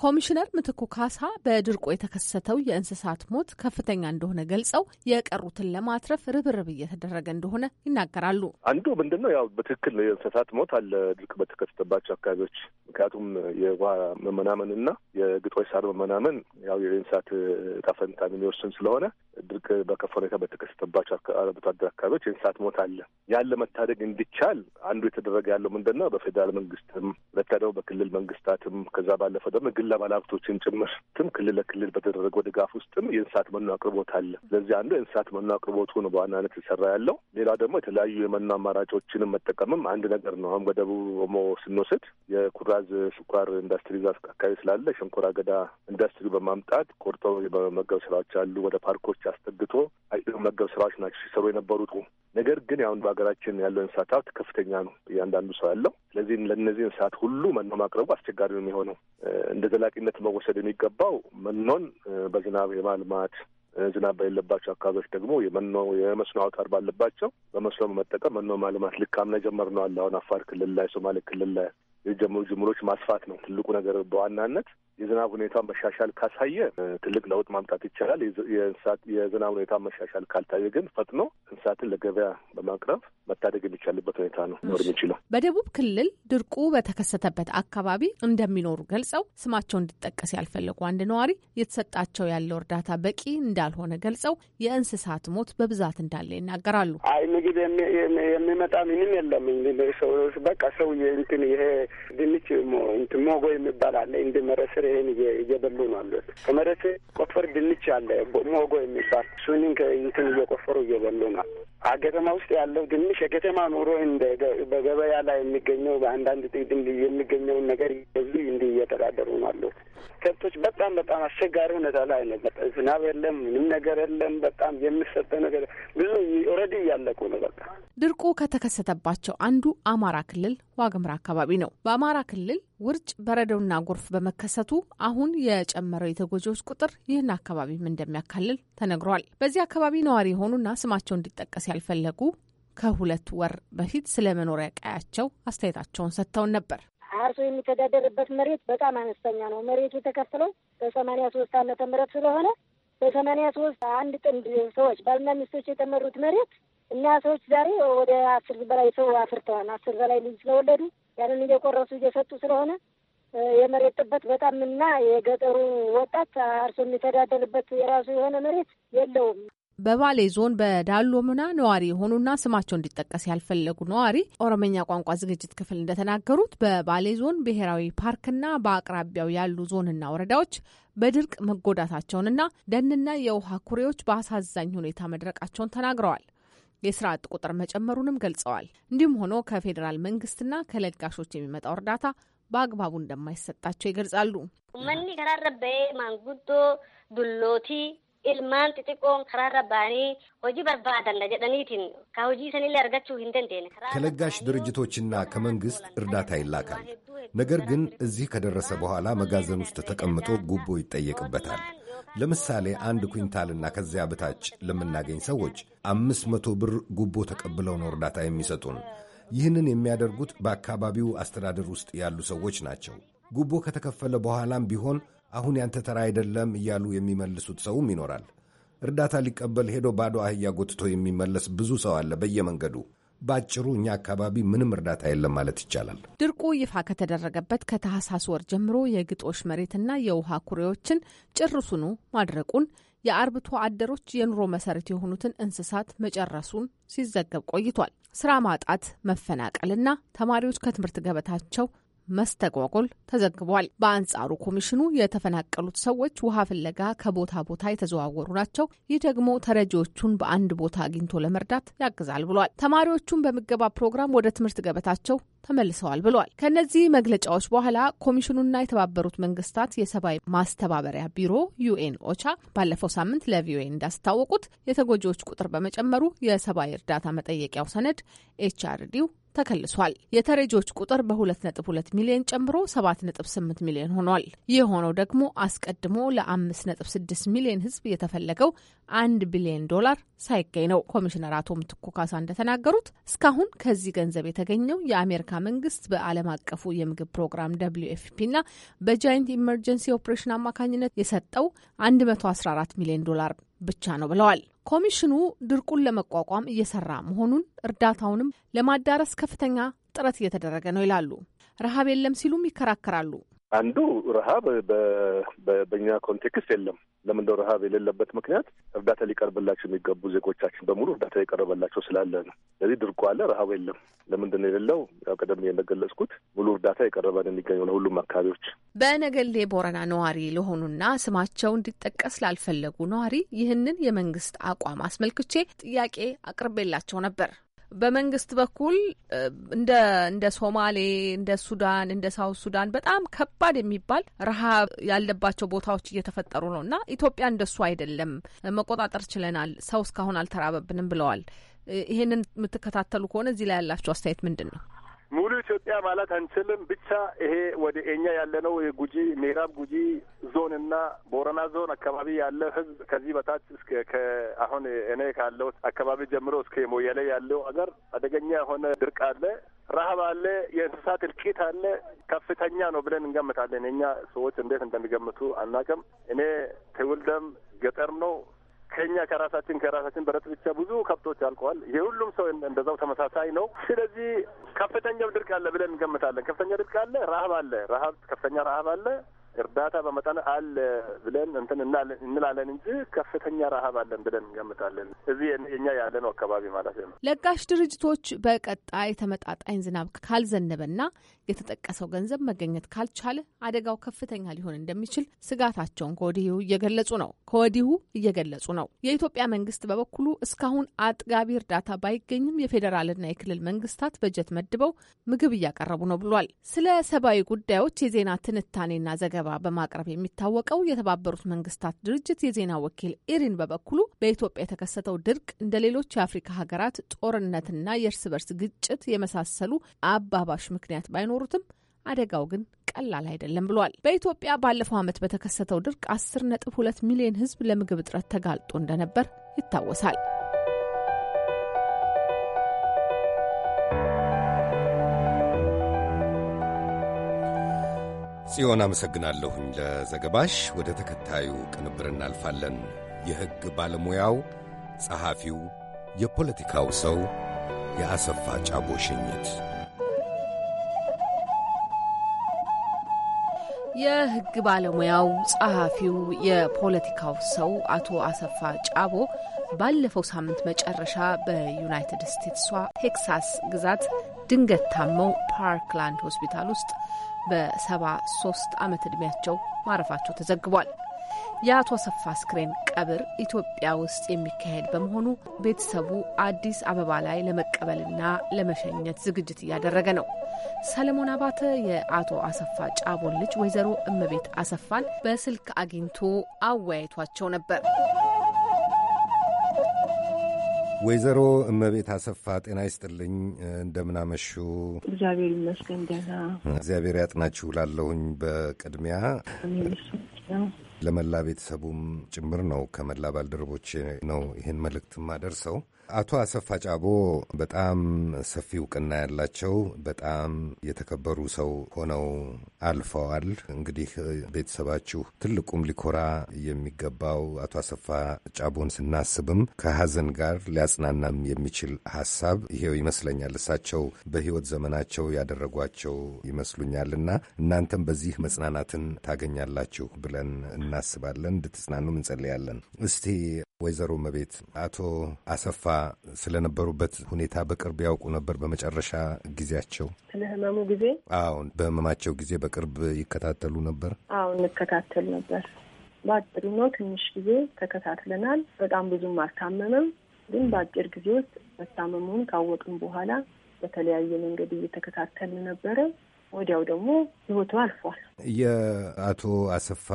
ኮሚሽነር ምትኩ ካሳ በድርቁ የተከሰተው የእንስሳት ሞት ከፍተኛ እንደሆነ ገልጸው የቀሩትን ለማትረፍ ርብርብ እየተደረገ እንደሆነ ይናገራሉ። አንዱ ምንድን ነው ያው በትክክል የእንስሳት ሞት አለ ድርቅ በተከሰተባቸው አካባቢዎች። ምክንያቱም የውሃ መመናመን እና የግጦሽ ሳር መመናመን ያው የእንስሳት ዕጣ ፈንታን የሚወስን ስለሆነ ድርቅ በከፋ ሁኔታ በተከሰተባቸው አርብቶ አደር አካባቢዎች የእንስሳት ሞት አለ። ያለ መታደግ እንዲቻል አንዱ የተደረገ ያለው ምንድን ነው በፌዴራል መንግስትም፣ ሁለተኛው በክልል መንግስታትም ከዛ ባለፈ ደግሞ የግል ባለሀብቶችን ጭምርትም ክልል ለክልል በተደረገው ድጋፍ ውስጥም የእንስሳት መኖ አቅርቦት አለ። ስለዚህ አንዱ የእንስሳት መኖ አቅርቦቱ ነው በዋናነት ይሰራ ያለው። ሌላ ደግሞ የተለያዩ የመኖ አማራጮችንም መጠቀምም አንድ ነገር ነው። አሁን በደቡብ ኦሞ ስንወስድ የኩራዝ ስኳር ኢንዱስትሪ ዛፍ አካባቢ ስላለ ሸንኮራ አገዳ ኢንዱስትሪ በማምጣት ቆርጦ የመመገብ ስራዎች አሉ። ወደ ፓርኮች አስጠግቶ መገብ ስራዎች ናቸው ሲሰሩ የነበሩት። ነገር ግን ያሁን በሀገራችን ያለው እንስሳት ሀብት ከፍተኛ ነው፣ እያንዳንዱ ሰው ያለው። ስለዚህ ለእነዚህ እንስሳት ሁሉ መኖ ማቅረቡ አስቸጋሪ ነው የሚሆነው እንደ በዘላቂነት መወሰድ የሚገባው መኖን በዝናብ የማልማት ዝናብ በሌለባቸው አካባቢዎች ደግሞ የመኖ የመስኖ አውታር ባለባቸው በመስኖ በመጠቀም መኖ ማልማት ልክ አምና አሁን አፋር ክልል ላይ፣ ሶማሌ ክልል ላይ የጀመሩ ጅምሮች ማስፋት ነው ትልቁ ነገር በዋናነት የዝናብ ሁኔታ መሻሻል ካሳየ ትልቅ ለውጥ ማምጣት ይቻላል። የእንስሳት የዝናብ ሁኔታ መሻሻል ካልታየ ግን ፈጥኖ እንስሳትን ለገበያ በማቅረብ መታደግ የሚቻልበት ሁኔታ ነው ኖር የሚችለው። በደቡብ ክልል ድርቁ በተከሰተበት አካባቢ እንደሚኖሩ ገልጸው ስማቸው እንዲጠቀስ ያልፈለጉ አንድ ነዋሪ የተሰጣቸው ያለው እርዳታ በቂ እንዳልሆነ ገልጸው የእንስሳት ሞት በብዛት እንዳለ ይናገራሉ። አይ ምግብ የሚመጣ ምንም የለም። በቃ ሰው እንትን ይሄ ድንች እንትን ሞጎ የሚባል አለ ይህን እየበሉ ነው አሉት። ከመሬት ቆፈር ድንች አለ ሞጎ የሚባል እሱንም እንትን እየቆፈሩ እየበሉ ነው። አገተማ ውስጥ ያለው ድንች የከተማ ኑሮ በገበያ ላይ የሚገኘው በአንዳንድ ጥቅም የሚገኘውን ነገር እየበሉ እንዲህ እየተዳደሩ ነው አሉት። ከብቶች በጣም በጣም አስቸጋሪ ሁኔታ ላይ ነው። ዝናብ የለም፣ ምንም ነገር የለም። በጣም የሚሰጠው ነገር ብዙ ኦልሬዲ እያለቁ ነው። በቃ ድርቁ ከተከሰተባቸው አንዱ አማራ ክልል ዋግምራ አካባቢ ነው። በአማራ ክልል ውርጭ፣ በረዶና ጎርፍ በመከሰቱ አሁን የጨመረው የተጎጂዎች ቁጥር ይህን አካባቢም እንደሚያካልል ተነግሯል። በዚህ አካባቢ ነዋሪ የሆኑና ስማቸው እንዲጠቀስ ያልፈለጉ ከሁለት ወር በፊት ስለ መኖሪያ ቀያቸው አስተያየታቸውን ሰጥተውን ነበር። አርሶ የሚተዳደርበት መሬት በጣም አነስተኛ ነው። መሬቱ የተከፈለው በሰማኒያ ሶስት አመተ ምህረት ስለሆነ በሰማኒያ ሶስት አንድ ጥንድ ሰዎች ባልና ሚስቶች የተመሩት መሬት እና ሰዎች ዛሬ ወደ አስር በላይ ሰው አፍርተዋል። አስር በላይ ልጅ ስለወለዱ ያንን እየቆረሱ እየሰጡ ስለሆነ የመሬት ጥበት በጣም እና የገጠሩ ወጣት አርሶ የሚተዳደርበት የራሱ የሆነ መሬት የለውም። በባሌ ዞን በዳሎምና ነዋሪ የሆኑና ስማቸው እንዲጠቀስ ያልፈለጉ ነዋሪ ኦሮመኛ ቋንቋ ዝግጅት ክፍል እንደተናገሩት በባሌ ዞን ብሔራዊ ፓርክና በአቅራቢያው ያሉ ዞንና ወረዳዎች በድርቅ መጎዳታቸውንና ደንና የውሃ ኩሬዎች በአሳዛኝ ሁኔታ መድረቃቸውን ተናግረዋል። የስራ አጥ ቁጥር መጨመሩንም ገልጸዋል። እንዲሁም ሆኖ ከፌዴራል መንግስትና ከለጋሾች የሚመጣው እርዳታ በአግባቡ እንደማይሰጣቸው ይገልጻሉ። መኒ ከራረበ ማንጉዶ ዱሎቲ ኢልማን ጥጥቆን ከራረባኒ ሆጂ በርባደነ ጀደኒትን ከሆጂ ሰኒ ሊያርገች ሂንደንዴነ ከለጋሽ ድርጅቶችና ከመንግስት እርዳታ ይላካል። ነገር ግን እዚህ ከደረሰ በኋላ መጋዘን ውስጥ ተቀምጦ ጉቦ ይጠየቅበታል። ለምሳሌ አንድ ኩንታልና ከዚያ በታች ለምናገኝ ሰዎች አምስት መቶ ብር ጉቦ ተቀብለው ነው እርዳታ የሚሰጡን። ይህንን የሚያደርጉት በአካባቢው አስተዳደር ውስጥ ያሉ ሰዎች ናቸው። ጉቦ ከተከፈለ በኋላም ቢሆን አሁን ያንተ ተራ አይደለም እያሉ የሚመልሱት ሰውም ይኖራል። እርዳታ ሊቀበል ሄዶ ባዶ አህያ ጎትቶ የሚመለስ ብዙ ሰው አለ በየመንገዱ። በአጭሩ እኛ አካባቢ ምንም እርዳታ የለም ማለት ይቻላል። ድርቁ ይፋ ከተደረገበት ከታህሳስ ወር ጀምሮ የግጦሽ መሬትና የውሃ ኩሬዎችን ጭርሱኑ ማድረቁን የአርብቶ አደሮች የኑሮ መሰረት የሆኑትን እንስሳት መጨረሱን ሲዘገብ ቆይቷል። ስራ ማጣት፣ መፈናቀልና ተማሪዎች ከትምህርት ገበታቸው መስተጓጎል ተዘግቧል። በአንጻሩ ኮሚሽኑ የተፈናቀሉት ሰዎች ውሃ ፍለጋ ከቦታ ቦታ የተዘዋወሩ ናቸው፣ ይህ ደግሞ ተረጂዎቹን በአንድ ቦታ አግኝቶ ለመርዳት ያግዛል ብሏል። ተማሪዎቹን በምገባ ፕሮግራም ወደ ትምህርት ገበታቸው ተመልሰዋል ብሏል። ከእነዚህ መግለጫዎች በኋላ ኮሚሽኑና የተባበሩት መንግስታት የሰብአዊ ማስተባበሪያ ቢሮ ዩኤን ኦቻ ባለፈው ሳምንት ለቪኦኤ እንዳስታወቁት የተጎጂዎች ቁጥር በመጨመሩ የሰብአዊ እርዳታ መጠየቂያው ሰነድ ኤችአርዲው ተከልሷል። የተረጂዎች ቁጥር በ2.2 ሚሊዮን ጨምሮ 7.8 ሚሊዮን ሆኗል። ይህ ሆነው ደግሞ አስቀድሞ ለ5.6 ሚሊዮን ህዝብ የተፈለገው 1 ቢሊዮን ዶላር ሳይገኝ ነው። ኮሚሽነር አቶ ምትኩ ካሳ እንደተናገሩት እስካሁን ከዚህ ገንዘብ የተገኘው የአሜሪካ መንግስት በዓለም አቀፉ የምግብ ፕሮግራም ደብሊዩ ኤፍ ፒ እና በጃይንት ኢመርጀንሲ ኦፕሬሽን አማካኝነት የሰጠው 114 ሚሊዮን ዶላር ብቻ ነው ብለዋል። ኮሚሽኑ ድርቁን ለመቋቋም እየሰራ መሆኑን፣ እርዳታውንም ለማዳረስ ከፍተኛ ጥረት እየተደረገ ነው ይላሉ። ረሃብ የለም ሲሉም ይከራከራሉ። አንዱ ረሀብ በኛ ኮንቴክስት የለም። ለምንደው ረሀብ የሌለበት ምክንያት እርዳታ ሊቀርብላቸው የሚገቡ ዜጎቻችን በሙሉ እርዳታ የቀረበላቸው ስላለ ነው። ስለዚህ ድርቆ አለ፣ ረሀብ የለም። ለምንድን ነው የሌለው? ያው ቀደም እንደገለጽኩት ሙሉ እርዳታ የቀረበ ነው የሚገኘው ለሁሉም አካባቢዎች። በነገሌ ቦረና ነዋሪ ለሆኑና ስማቸው እንዲጠቀስ ላልፈለጉ ነዋሪ ይህንን የመንግስት አቋም አስመልክቼ ጥያቄ አቅርቤላቸው ነበር። በመንግስት በኩል እንደ እንደ ሶማሌ እንደ ሱዳን እንደ ሳውት ሱዳን በጣም ከባድ የሚባል ረሃብ ያለባቸው ቦታዎች እየተፈጠሩ ነው እና ኢትዮጵያ እንደሱ አይደለም፣ መቆጣጠር ችለናል፣ ሰው እስካሁን አልተራበብንም ብለዋል። ይህንን የምትከታተሉ ከሆነ እዚህ ላይ ያላችሁ አስተያየት ምንድን ነው? ሙሉ ኢትዮጵያ ማለት አንችልም። ብቻ ይሄ ወደ እኛ ያለነው የጉጂ ምዕራብ ጉጂ እና ቦረና ዞን አካባቢ ያለ ህዝብ ከዚህ በታች እስከ አሁን እኔ ካለሁት አካባቢ ጀምሮ እስከ ሞያሌ ያለው አገር አደገኛ የሆነ ድርቅ አለ፣ ረሀብ አለ፣ የእንስሳት እልቂት አለ። ከፍተኛ ነው ብለን እንገምታለን። እኛ ሰዎች እንዴት እንደሚገምቱ አናቅም። እኔ ትውልደም ገጠር ነው ከኛ ከራሳችን ከራሳችን በረት ብቻ ብዙ ከብቶች አልቀዋል። የሁሉም ሰው እንደዛው ተመሳሳይ ነው። ስለዚህ ከፍተኛው ድርቅ አለ ብለን እንገምታለን። ከፍተኛ ድርቅ አለ፣ ረሀብ አለ፣ ረሀብ ከፍተኛ ረሀብ አለ። እርዳታ በመጠን አለ ብለን እንትን እንላለን እንጂ ከፍተኛ ረሀብ አለን ብለን እንገምታለን። እዚህ የኛ ያለ ነው አካባቢ ማለት ነው። ለጋሽ ድርጅቶች በቀጣይ ተመጣጣኝ ዝናብ ካልዘነበና የተጠቀሰው ገንዘብ መገኘት ካልቻለ አደጋው ከፍተኛ ሊሆን እንደሚችል ስጋታቸውን ከወዲሁ እየገለጹ ነው። ከወዲሁ እየገለጹ ነው። የኢትዮጵያ መንግስት በበኩሉ እስካሁን አጥጋቢ እርዳታ ባይገኝም የፌዴራልና የክልል መንግስታት በጀት መድበው ምግብ እያቀረቡ ነው ብሏል። ስለ ሰብአዊ ጉዳዮች የዜና ትንታኔና ዘገባ በማቅረብ የሚታወቀው የተባበሩት መንግስታት ድርጅት የዜና ወኪል ኢሪን በበኩሉ በኢትዮጵያ የተከሰተው ድርቅ እንደ ሌሎች የአፍሪካ ሀገራት ጦርነትና የእርስ በርስ ግጭት የመሳሰሉ አባባሽ ምክንያት ባይኖሩትም አደጋው ግን ቀላል አይደለም ብሏል። በኢትዮጵያ ባለፈው ዓመት በተከሰተው ድርቅ 10.2 ሚሊዮን ሕዝብ ለምግብ እጥረት ተጋልጦ እንደነበር ይታወሳል። ጽዮን አመሰግናለሁኝ ለዘገባሽ። ወደ ተከታዩ ቅንብር እናልፋለን። የሕግ ባለሙያው ጸሐፊው፣ የፖለቲካው ሰው የአሰፋ ጫቦ ሽኝት የህግ ባለሙያው ጸሐፊው፣ የፖለቲካው ሰው አቶ አሰፋ ጫቦ ባለፈው ሳምንት መጨረሻ በዩናይትድ ስቴትሷ ቴክሳስ ግዛት ድንገት ታመው ፓርክላንድ ሆስፒታል ውስጥ በሰባ ሶስት ዓመት ዕድሜያቸው ማረፋቸው ተዘግቧል። የአቶ አሰፋ አስክሬን ቀብር ኢትዮጵያ ውስጥ የሚካሄድ በመሆኑ ቤተሰቡ አዲስ አበባ ላይ ለመቀበልና ለመሸኘት ዝግጅት እያደረገ ነው። ሰለሞን አባተ የአቶ አሰፋ ጫቦን ልጅ ወይዘሮ እመቤት አሰፋን በስልክ አግኝቶ አወያይቷቸው ነበር። ወይዘሮ እመቤት አሰፋ ጤና ይስጥልኝ፣ እንደምናመሹ። እግዚአብሔር ይመስገን ደህና። እግዚአብሔር ያጥናችሁ ላለሁኝ በቅድሚያ ለመላ ቤተሰቡም ጭምር ነው ከመላ ባልደረቦች ነው ይህን መልእክት ማደርሰው። አቶ አሰፋ ጫቦ በጣም ሰፊ እውቅና ያላቸው በጣም የተከበሩ ሰው ሆነው አልፈዋል። እንግዲህ ቤተሰባችሁ ትልቁም ሊኮራ የሚገባው አቶ አሰፋ ጫቦን ስናስብም ከሀዘን ጋር ሊያጽናናም የሚችል ሀሳብ ይሄው ይመስለኛል። እሳቸው በህይወት ዘመናቸው ያደረጓቸው ይመስሉኛልና እናንተም በዚህ መጽናናትን ታገኛላችሁ ብለን እናስባለን። እንድትጽናኑም እንጸልያለን። እስቲ ወይዘሮ መቤት አቶ አሰፋ ስለነበሩበት ሁኔታ በቅርብ ያውቁ ነበር? በመጨረሻ ጊዜያቸው ስለ ህመሙ ጊዜ? አዎ፣ በህመማቸው ጊዜ በቅርብ ይከታተሉ ነበር? አዎ፣ እንከታተል ነበር። በአጭሩ ነው፣ ትንሽ ጊዜ ተከታትለናል። በጣም ብዙም አልታመመም፣ ግን በአጭር ጊዜ ውስጥ መታመሙን ካወቅን በኋላ በተለያየ መንገድ እየተከታተል ነበረ። ወዲያው ደግሞ ህይወቱ አልፏል። የአቶ አሰፋ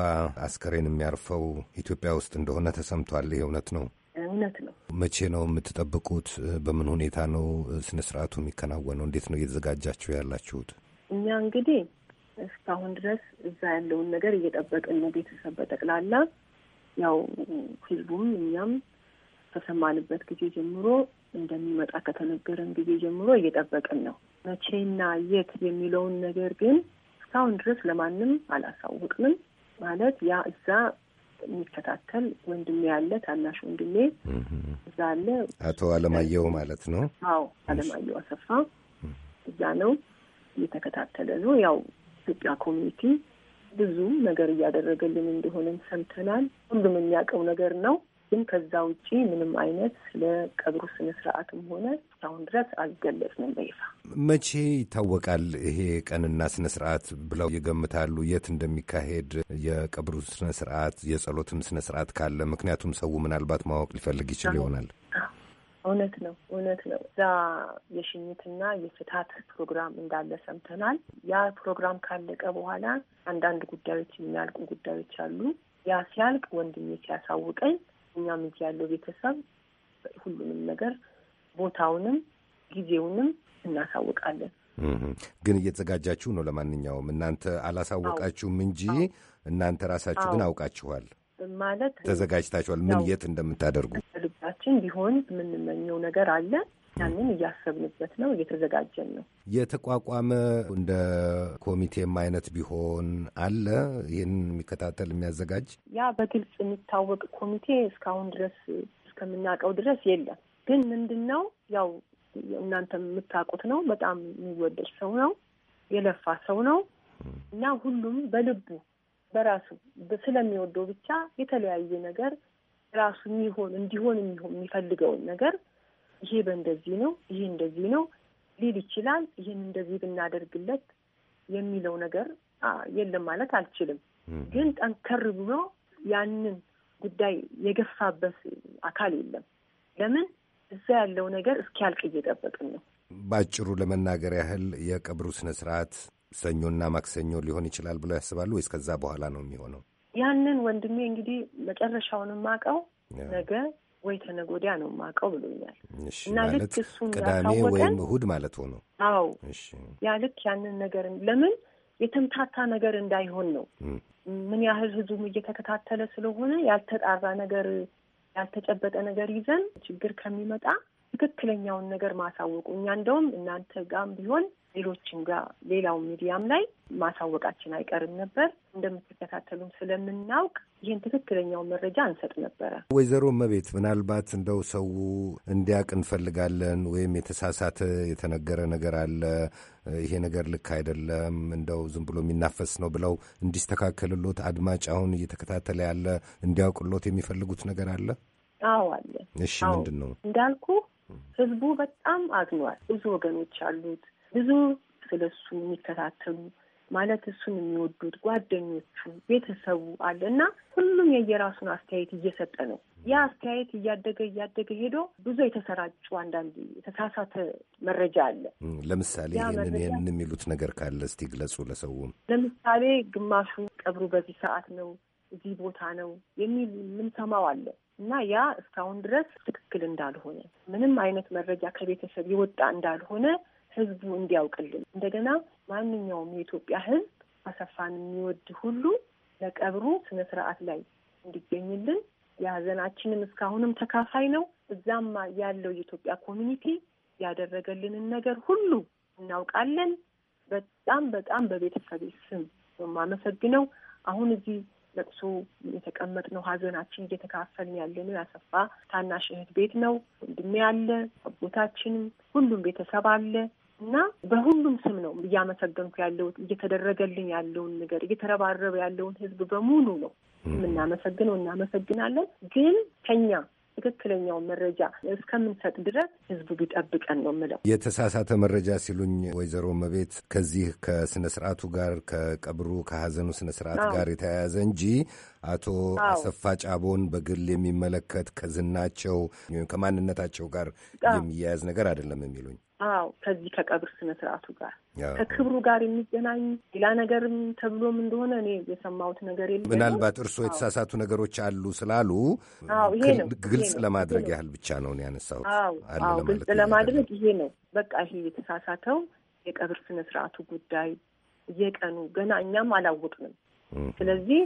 አስከሬን የሚያርፈው ኢትዮጵያ ውስጥ እንደሆነ ተሰምቷል። ይህ እውነት ነው? እውነት ነው። መቼ ነው የምትጠብቁት? በምን ሁኔታ ነው ስነ ስርዓቱ የሚከናወነው? እንዴት ነው እየተዘጋጃችሁ ያላችሁት? እኛ እንግዲህ እስካሁን ድረስ እዛ ያለውን ነገር እየጠበቅን ነው። ቤተሰብ በጠቅላላ ያው ህዝቡም እኛም ከሰማንበት ጊዜ ጀምሮ እንደሚመጣ ከተነገረን ጊዜ ጀምሮ እየጠበቅን ነው። መቼና የት የሚለውን ነገር ግን እስካሁን ድረስ ለማንም አላሳውቅንም። ማለት ያ እዛ የሚከታተል ወንድሜ ያለ ታናሽ ወንድሜ እዛ አለ። አቶ አለማየሁ ማለት ነው። አዎ አለማየሁ አሰፋ እዛ ነው እየተከታተለ ነው። ያው ኢትዮጵያ ኮሚኒቲ ብዙ ነገር እያደረገልን እንደሆነም ሰምተናል። ሁሉም የሚያውቀው ነገር ነው። ግን ከዛ ውጪ ምንም አይነት ለቀብሩ ስነ ስርዓትም ሆነ እስካሁን ድረስ አልገለጽንም በይፋ። መቼ ይታወቃል ይሄ ቀንና ስነ ስርዓት ብለው ይገምታሉ? የት እንደሚካሄድ የቀብሩ ስነ ስርዓት የጸሎትም ስነ ስርዓት ካለ፣ ምክንያቱም ሰው ምናልባት ማወቅ ሊፈልግ ይችል ይሆናል። እውነት ነው፣ እውነት ነው። እዛ የሽኝትና የፍታት ፕሮግራም እንዳለ ሰምተናል። ያ ፕሮግራም ካለቀ በኋላ አንዳንድ ጉዳዮች የሚያልቁ ጉዳዮች አሉ። ያ ሲያልቅ ወንድሜ ሲያሳውቀኝ እኛም እጅ ያለው ቤተሰብ ሁሉንም ነገር ቦታውንም ጊዜውንም እናሳውቃለን። ግን እየተዘጋጃችሁ ነው። ለማንኛውም እናንተ አላሳወቃችሁም እንጂ እናንተ ራሳችሁ ግን አውቃችኋል ማለት ተዘጋጅታችኋል። ምን የት እንደምታደርጉ ልባችን ቢሆን የምንመኘው ነገር አለ ያንን እያሰብንበት ነው፣ እየተዘጋጀን ነው። የተቋቋመ እንደ ኮሚቴም አይነት ቢሆን አለ ይህን የሚከታተል የሚያዘጋጅ። ያ በግልጽ የሚታወቅ ኮሚቴ እስካሁን ድረስ እስከምናውቀው ድረስ የለም። ግን ምንድን ነው ያው እናንተ የምታውቁት ነው። በጣም የሚወደድ ሰው ነው፣ የለፋ ሰው ነው እና ሁሉም በልቡ በራሱ ስለሚወደው ብቻ የተለያየ ነገር ራሱ የሚሆን እንዲሆን የሚፈልገውን ነገር ይሄ በእንደዚህ ነው፣ ይሄ እንደዚህ ነው ሊል ይችላል። ይህን እንደዚህ ብናደርግለት የሚለው ነገር የለም ማለት አልችልም። ግን ጠንከር ብሎ ያንን ጉዳይ የገፋበት አካል የለም። ለምን እዛ ያለው ነገር እስኪያልቅ እየጠበቅን ነው። በአጭሩ ለመናገር ያህል የቀብሩ ስነ ስርዓት ሰኞና ማክሰኞ ሊሆን ይችላል ብለው ያስባሉ ወይስ ከዛ በኋላ ነው የሚሆነው? ያንን ወንድሜ እንግዲህ መጨረሻውን ማቀው ነገ ወይ ተነገ ወዲያ ነው የማውቀው ብሎኛል። እና ልክ እሱን ቅዳሜ ወይም እሁድ ማለት ሆኖ አዎ፣ ያ ልክ ያንን ነገር ለምን የተምታታ ነገር እንዳይሆን ነው። ምን ያህል ህዝቡም እየተከታተለ ስለሆነ ያልተጣራ ነገር፣ ያልተጨበጠ ነገር ይዘን ችግር ከሚመጣ ትክክለኛውን ነገር ማሳወቁ እኛ እንደውም እናንተ ጋም ቢሆን ሌሎችም ጋር ሌላው ሚዲያም ላይ ማሳወቃችን አይቀርም ነበር። እንደምትከታተሉም ስለምናውቅ ይህን ትክክለኛው መረጃ አንሰጥ ነበረ። ወይዘሮ መቤት ምናልባት እንደው ሰው እንዲያውቅ እንፈልጋለን ወይም የተሳሳተ የተነገረ ነገር አለ ይሄ ነገር ልክ አይደለም፣ እንደው ዝም ብሎ የሚናፈስ ነው ብለው እንዲስተካከልሎት አድማጭ አሁን እየተከታተለ ያለ እንዲያውቅሎት የሚፈልጉት ነገር አለ? አዎ አለ። እሺ ምንድን ነው? እንዳልኩ ህዝቡ በጣም አዝኗል። ብዙ ወገኖች አሉት ብዙ ስለሱ የሚከታተሉ ማለት እሱን የሚወዱት ጓደኞቹ፣ ቤተሰቡ አለ እና ሁሉም የየራሱን አስተያየት እየሰጠ ነው። ያ አስተያየት እያደገ እያደገ ሄዶ ብዙ የተሰራጩ አንዳንድ የተሳሳተ መረጃ አለ። ለምሳሌ ይህንን የሚሉት ነገር ካለ እስቲ ግለጹ ለሰው። ለምሳሌ ግማሹ ቀብሩ በዚህ ሰዓት ነው እዚህ ቦታ ነው የሚል የምንሰማው አለ እና ያ እስካሁን ድረስ ትክክል እንዳልሆነ ምንም አይነት መረጃ ከቤተሰብ የወጣ እንዳልሆነ ህዝቡ እንዲያውቅልን እንደገና ማንኛውም የኢትዮጵያ ህዝብ አሰፋን የሚወድ ሁሉ ለቀብሩ ስነ ስርዓት ላይ እንዲገኝልን የሀዘናችንም እስካሁንም ተካፋይ ነው። እዛማ ያለው የኢትዮጵያ ኮሚኒቲ ያደረገልንን ነገር ሁሉ እናውቃለን። በጣም በጣም በቤተሰቤ ስም የማመሰግነው አሁን እዚህ ለቅሶ የተቀመጥነው ሀዘናችን እየተካፈልን ያለነው ያሰፋ ታናሽ እህት ቤት ነው። ወንድሜ አለ፣ አቦታችንም፣ ሁሉም ቤተሰብ አለ። እና በሁሉም ስም ነው እያመሰገንኩ ያለሁት። እየተደረገልኝ ያለውን ነገር እየተረባረበ ያለውን ህዝብ በሙሉ ነው የምናመሰግነው። እናመሰግናለን። ግን ከኛ ትክክለኛው መረጃ እስከምንሰጥ ድረስ ህዝቡ ቢጠብቀን ነው ምለው። የተሳሳተ መረጃ ሲሉኝ ወይዘሮ መቤት ከዚህ ከስነ ስርዓቱ ጋር ከቀብሩ ከሀዘኑ ስነ ስርዓት ጋር የተያያዘ እንጂ አቶ አሰፋ ጫቦን በግል የሚመለከት ከዝናቸው ከማንነታቸው ጋር የሚያያዝ ነገር አይደለም የሚሉኝ አዎ ከዚህ ከቀብር ስነ ስርዓቱ ጋር ከክብሩ ጋር የሚገናኝ ሌላ ነገርም ተብሎም እንደሆነ እኔ የሰማሁት ነገር የለም። ምናልባት እርስዎ የተሳሳቱ ነገሮች አሉ ስላሉ ግልጽ ለማድረግ ያህል ብቻ ነው ያነሳሁት። አዎ ግልጽ ለማድረግ ይሄ ነው በቃ ይሄ የተሳሳተው የቀብር ስነ ስርዓቱ ጉዳይ የቀኑ ገና እኛም አላወቅንም። ስለዚህ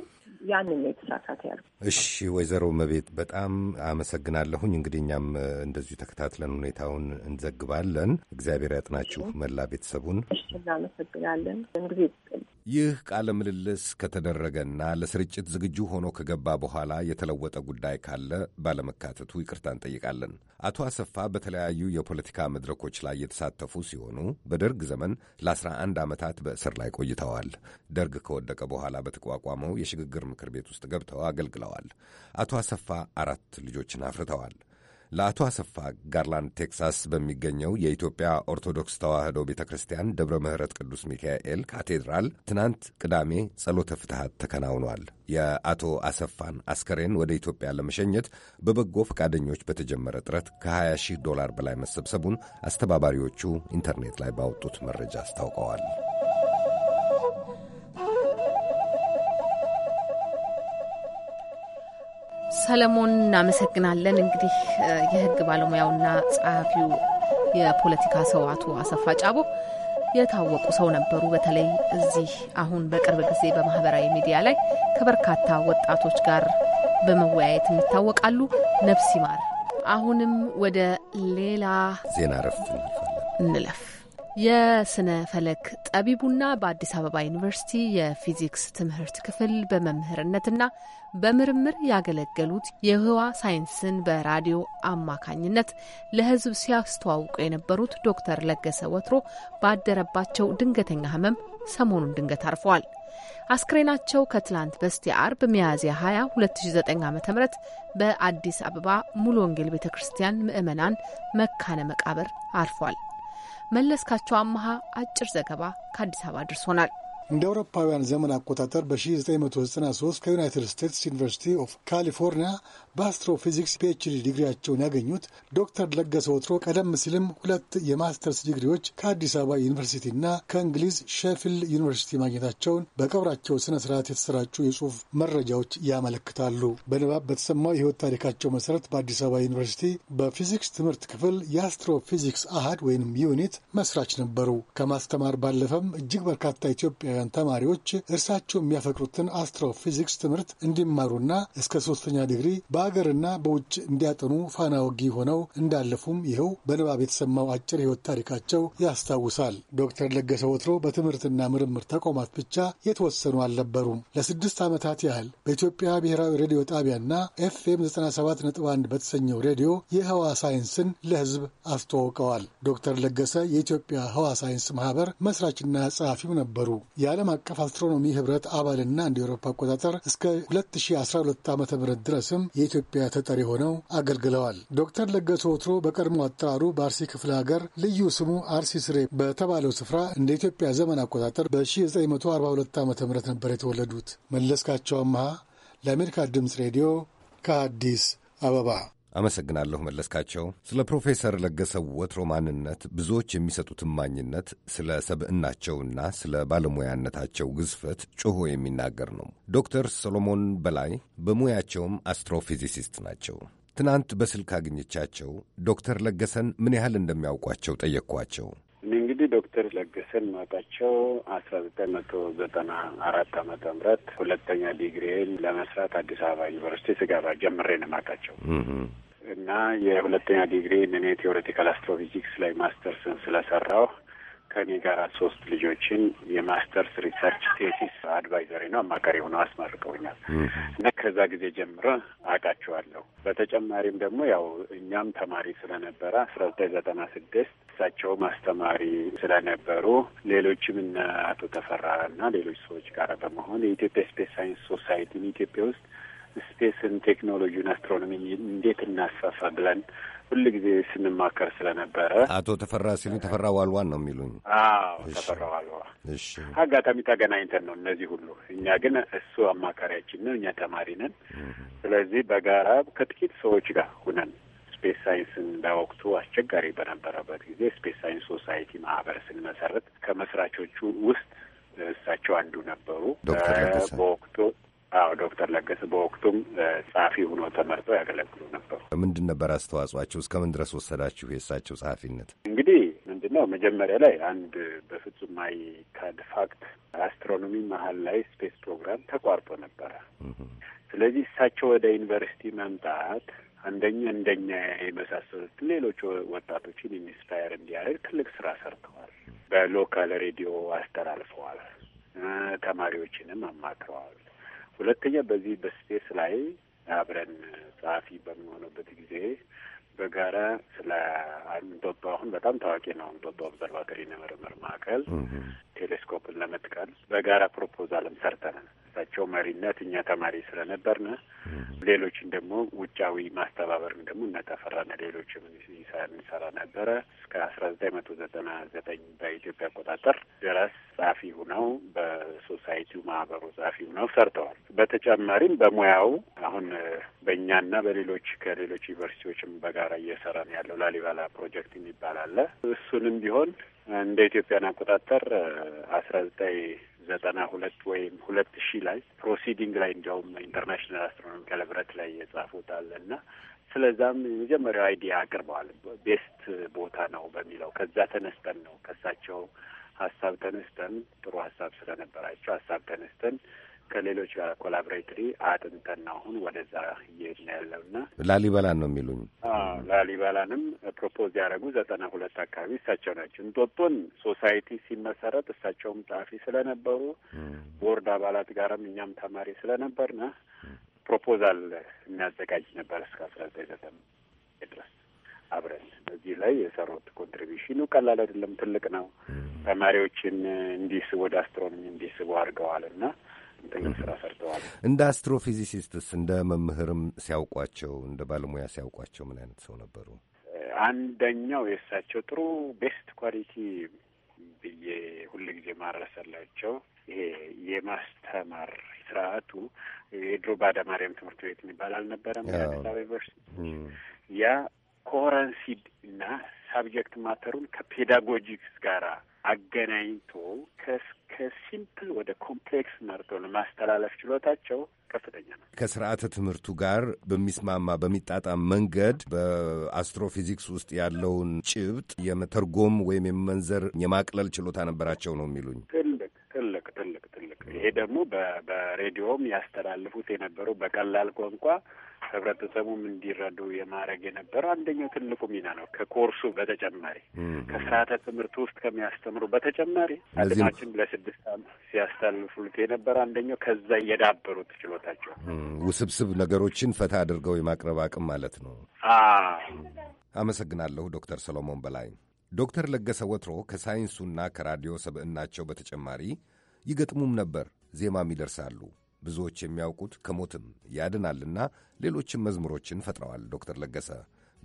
ያንን የተሳካት ያሉ። እሺ ወይዘሮ መቤት በጣም አመሰግናለሁኝ። እንግዲህ እኛም እንደዚሁ ተከታትለን ሁኔታውን እንዘግባለን። እግዚአብሔር ያጥናችሁ መላ ቤተሰቡን። እሺ እናመሰግናለን። እንግዲህ ይህ ቃለ ምልልስ ከተደረገና ለስርጭት ዝግጁ ሆኖ ከገባ በኋላ የተለወጠ ጉዳይ ካለ ባለመካተቱ ይቅርታ እንጠይቃለን። አቶ አሰፋ በተለያዩ የፖለቲካ መድረኮች ላይ የተሳተፉ ሲሆኑ በደርግ ዘመን ለ11 ዓመታት በእስር ላይ ቆይተዋል። ደርግ ከወደቀ በኋላ በተቋቋመው የሽግግር ምክር ቤት ውስጥ ገብተው አገልግለዋል። አቶ አሰፋ አራት ልጆችን አፍርተዋል። ለአቶ አሰፋ ጋርላንድ ቴክሳስ በሚገኘው የኢትዮጵያ ኦርቶዶክስ ተዋሕዶ ቤተ ክርስቲያን ደብረ ምሕረት ቅዱስ ሚካኤል ካቴድራል ትናንት ቅዳሜ ጸሎተ ፍትሐት ተከናውኗል። የአቶ አሰፋን አስከሬን ወደ ኢትዮጵያ ለመሸኘት በበጎ ፈቃደኞች በተጀመረ ጥረት ከ20 ሺህ ዶላር በላይ መሰብሰቡን አስተባባሪዎቹ ኢንተርኔት ላይ ባወጡት መረጃ አስታውቀዋል። ሰለሞን እናመሰግናለን። እንግዲህ የህግ ባለሙያውና ጸሐፊው የፖለቲካ ሰው አቶ አሰፋ ጫቦ የታወቁ ሰው ነበሩ። በተለይ እዚህ አሁን በቅርብ ጊዜ በማህበራዊ ሚዲያ ላይ ከበርካታ ወጣቶች ጋር በመወያየት የሚታወቃሉ። ነፍስ ይማር። አሁንም ወደ ሌላ ዜና ረፍት እንለፍ። የስነ ፈለክ ጠቢቡና በአዲስ አበባ ዩኒቨርሲቲ የፊዚክስ ትምህርት ክፍል በመምህርነትና በምርምር ያገለገሉት የህዋ ሳይንስን በራዲዮ አማካኝነት ለሕዝብ ሲያስተዋውቁ የነበሩት ዶክተር ለገሰ ወትሮ ባደረባቸው ድንገተኛ ህመም ሰሞኑን ድንገት አርፈዋል። አስክሬናቸው ከትላንት በስቲያ አርብ ሚያዝያ 20 2009 ዓ ም በአዲስ አበባ ሙሉ ወንጌል ቤተ ክርስቲያን ምዕመናን መካነ መቃብር አርፏል። መለስካቸው አመሃ አጭር ዘገባ ከአዲስ አበባ ድርሶናል። እንደ አውሮፓውያን ዘመን አቆጣጠር በ1993 ከዩናይትድ ስቴትስ ዩኒቨርሲቲ ኦፍ ካሊፎርኒያ በአስትሮፊዚክስ ፒኤችዲ ዲግሪያቸውን ያገኙት ዶክተር ለገሰ ወትሮ ቀደም ሲልም ሁለት የማስተርስ ዲግሪዎች ከአዲስ አበባ ዩኒቨርሲቲና ከእንግሊዝ ሼፊልድ ዩኒቨርሲቲ ማግኘታቸውን በቀብራቸው ስነ ስርዓት የተሰራጩ የጽሑፍ መረጃዎች ያመለክታሉ። በንባብ በተሰማው የህይወት ታሪካቸው መሰረት በአዲስ አበባ ዩኒቨርሲቲ በፊዚክስ ትምህርት ክፍል የአስትሮፊዚክስ አሃድ ወይም ዩኒት መስራች ነበሩ። ከማስተማር ባለፈም እጅግ በርካታ ኢትዮጵያ ኢትዮጵያውያን ተማሪዎች እርሳቸው የሚያፈቅሩትን አስትሮፊዚክስ ትምህርት እንዲማሩና እስከ ሶስተኛ ዲግሪ በአገርና በውጭ እንዲያጠኑ ፋና ወጊ ሆነው እንዳለፉም ይኸው በንባብ የተሰማው አጭር ህይወት ታሪካቸው ያስታውሳል። ዶክተር ለገሰ ወትሮ በትምህርትና ምርምር ተቋማት ብቻ የተወሰኑ አልነበሩም። ለስድስት ዓመታት ያህል በኢትዮጵያ ብሔራዊ ሬዲዮ ጣቢያና ኤፍኤም 97.1 በተሰኘው ሬዲዮ የህዋ ሳይንስን ለህዝብ አስተዋውቀዋል። ዶክተር ለገሰ የኢትዮጵያ ህዋ ሳይንስ ማህበር መስራችና ጸሐፊም ነበሩ። የዓለም አቀፍ አስትሮኖሚ ህብረት አባልና እንደ ኤሮፓ አቆጣጠር እስከ 2012 ዓ ም ድረስም የኢትዮጵያ ተጠሪ ሆነው አገልግለዋል። ዶክተር ለገሱ ወትሮ በቀድሞ አጠራሩ በአርሲ ክፍለ ሀገር ልዩ ስሙ አርሲ ስሬ በተባለው ስፍራ እንደ ኢትዮጵያ ዘመን አቆጣጠር በ1942 ዓ ም ነበር የተወለዱት። መለስካቸው አመሃ ለአሜሪካ ድምፅ ሬዲዮ ከአዲስ አበባ አመሰግናለሁ መለስካቸው። ስለ ፕሮፌሰር ለገሰ ወትሮ ማንነት ብዙዎች የሚሰጡት እማኝነት ስለ ሰብዕናቸውና ስለ ባለሙያነታቸው ግዝፈት ጮሆ የሚናገር ነው። ዶክተር ሶሎሞን በላይ በሙያቸውም አስትሮፊዚሲስት ናቸው። ትናንት በስልክ አግኝቻቸው ዶክተር ለገሰን ምን ያህል እንደሚያውቋቸው ጠየቅኳቸው። እኔ እንግዲህ ዶክተር ለገሰን ማውቃቸው አስራ ዘጠኝ መቶ ዘጠና አራት አመተ ምህረት ሁለተኛ ዲግሪዬን ለመስራት አዲስ አበባ ዩኒቨርሲቲ ስገባ ጀምሬ ነው ማውቃቸው። እና የሁለተኛ ዲግሪ እኔ ቴዎሬቲካል አስትሮፊዚክስ ላይ ማስተርስን ስለሰራው ከእኔ ጋር ሶስት ልጆችን የማስተርስ ሪሰርች ቴሲስ አድቫይዘሪ ነው አማካሪ ሆነው አስመርቀውኛል እና ከዛ ጊዜ ጀምረ አውቃቸዋለሁ። በተጨማሪም ደግሞ ያው እኛም ተማሪ ስለነበረ አስራ ዘጠኝ ዘጠና ስድስት እሳቸውም አስተማሪ ስለነበሩ ሌሎችም እነ አቶ ተፈራ እና ሌሎች ሰዎች ጋር በመሆን የኢትዮጵያ ስፔስ ሳይንስ ሶሳይቲን ኢትዮጵያ ውስጥ ስፔስን፣ ቴክኖሎጂን፣ አስትሮኖሚን እንዴት እናስፋፋ ብለን ሁል ጊዜ ስንማከር ስለነበረ አቶ ተፈራ ሲሉ ተፈራ ዋልዋን ነው የሚሉኝ። አዎ ተፈራ ዋልዋ። እሺ አጋጣሚ ተገናኝተን ነው እነዚህ ሁሉ። እኛ ግን እሱ አማካሪያችን ነው፣ እኛ ተማሪ ነን። ስለዚህ በጋራ ከጥቂት ሰዎች ጋር ሁነን ስፔስ ሳይንስን በወቅቱ አስቸጋሪ በነበረበት ጊዜ ስፔስ ሳይንስ ሶሳይቲ ማህበር ስንመሰረት ከመስራቾቹ ውስጥ እሳቸው አንዱ ነበሩ። በወቅቱ አዎ ዶክተር ለገሰ በወቅቱም ጸሐፊ ሆኖ ተመርጦ ያገለግሉ ነበሩ። ምንድን ነበር አስተዋጽኋቸው? እስከምን ድረስ ወሰዳችሁ የእሳቸው ጸሐፊነት? እንግዲህ ምንድን ነው መጀመሪያ ላይ አንድ በፍጹም ማይካድ ፋክት አስትሮኖሚ መሀል ላይ ስፔስ ፕሮግራም ተቋርጦ ነበረ። ስለዚህ እሳቸው ወደ ዩኒቨርሲቲ መምጣት አንደኛ እንደኛ የመሳሰሉትን ሌሎች ወጣቶችን ኢንስፓየር እንዲያደርግ ትልቅ ስራ ሰርተዋል። በሎካል ሬዲዮ አስተላልፈዋል። ተማሪዎችንም አማክረዋል። ሁለተኛ በዚህ በስፔስ ላይ አብረን ጸሐፊ በሚሆነበት ጊዜ በጋራ ስለ አንዶባ አሁን በጣም ታዋቂ ነው። አንዶባ ኦብዘርቫቶሪ የምርምር ማዕከል ቴሌስኮፕን ለመጥቀል በጋራ ፕሮፖዛልም ሰርተናል። እሳቸው መሪነት እኛ ተማሪ ስለነበርን ሌሎችን ደግሞ ውጫዊ ማስተባበር ደግሞ እነተፈራነ ሌሎችም እንሰራ ነበረ እስከ አስራ ዘጠኝ መቶ ዘጠና ዘጠኝ በኢትዮጵያ አቆጣጠር ድረስ ጸሐፊ ሁነው በሶሳይቲው ማህበሩ ጸሐፊ ሁነው ሰርተዋል። በተጨማሪም በሙያው አሁን በእኛና በሌሎች ከሌሎች ዩኒቨርሲቲዎችም በጋ ጋር እየሰራን ያለው ላሊበላ ፕሮጀክት የሚባል አለ። እሱንም ቢሆን እንደ ኢትዮጵያን አቆጣጠር አስራ ዘጠኝ ዘጠና ሁለት ወይም ሁለት ሺህ ላይ ፕሮሲዲንግ ላይ እንዲያውም ኢንተርናሽናል አስትሮኖሚካል ህብረት ላይ የጻፉት አለ እና ስለዛም የመጀመሪያው አይዲያ አቅርበዋል። ቤስት ቦታ ነው በሚለው ከዛ ተነስተን ነው ከሳቸው ሀሳብ ተነስተን ጥሩ ሀሳብ ስለነበራቸው ሀሳብ ተነስተን ከሌሎች ጋር ኮላብሬትሪ አጥንተን ነው አሁን ወደዛ እየሄድን ያለው እና ላሊበላን ነው የሚሉኝ። ላሊበላንም ፕሮፖዝ ያደረጉ ዘጠና ሁለት አካባቢ እሳቸው ናቸው። እንጦጦን ሶሳይቲ ሲመሰረት እሳቸውም ጸሐፊ ስለነበሩ ቦርድ አባላት ጋርም እኛም ተማሪ ስለነበርና ፕሮፖዛል የሚያዘጋጅ ነበር እስከ አስራ ዘጠኝ ዘጠና ድረስ አብረን እዚህ ላይ የሰሩት ኮንትሪቢሽኑ ቀላል አይደለም፣ ትልቅ ነው። ተማሪዎችን እንዲስቡ ወደ አስትሮኖሚ እንዲስቡ አድርገዋል እና ትልቅ ስራ ሰርተዋል። እንደ አስትሮፊዚሲስትስ እንደ መምህርም ሲያውቋቸው እንደ ባለሙያ ሲያውቋቸው ምን አይነት ሰው ነበሩ? አንደኛው የእሳቸው ጥሩ ቤስት ኳሊቲ ብዬ ሁልጊዜ ማረሰላቸው ይሄ የማስተማር ስርዓቱ የድሮ ባዳ ማርያም ትምህርት ቤት የሚባል አልነበረም? የአዲስ አበባ ዩኒቨርሲቲ ያ ኮረንሲድ እና ሳብጀክት ማተሩን ከፔዳጎጂክስ ጋር አገናኝቶ ከሲምፕል ወደ ኮምፕሌክስ መርቶ ለማስተላለፍ ችሎታቸው ከፍተኛ ነው። ከስርዓተ ትምህርቱ ጋር በሚስማማ በሚጣጣም መንገድ በአስትሮፊዚክስ ውስጥ ያለውን ጭብጥ የመተርጎም ወይም የመመንዘር የማቅለል ችሎታ ነበራቸው ነው የሚሉኝ። ትልቅ ይሄ ደግሞ በሬዲዮም ያስተላልፉት የነበሩ በቀላል ቋንቋ ህብረተሰቡም እንዲረዱ የማድረግ የነበረው አንደኛው ትልቁ ሚና ነው። ከኮርሱ በተጨማሪ ከስርዓተ ትምህርት ውስጥ ከሚያስተምሩ በተጨማሪ አድማችን ለስድስት ዓመት ሲያስተላልፉት የነበረ አንደኛው ከዛ እየዳበሩት ችሎታቸው ውስብስብ ነገሮችን ፈታ አድርገው የማቅረብ አቅም ማለት ነው። አመሰግናለሁ ዶክተር ሰሎሞን በላይ። ዶክተር ለገሰ ወትሮ ከሳይንሱና ከራዲዮ ሰብዕናቸው በተጨማሪ ይገጥሙም ነበር፣ ዜማም ይደርሳሉ። ብዙዎች የሚያውቁት ከሞትም ያድናልና ሌሎችም መዝሙሮችን ፈጥረዋል። ዶክተር ለገሰ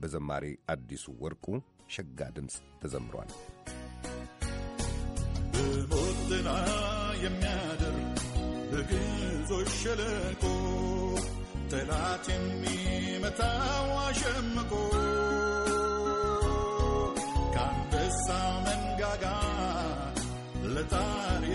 በዘማሪ አዲሱ ወርቁ ሸጋ ድምፅ ተዘምሯል። በሞት ጥላ የሚያደር በግዞሽ ሸለቆ ጠላት የሚመታው አሸምቆ ከአንበሳ መንጋጋ ለታሪ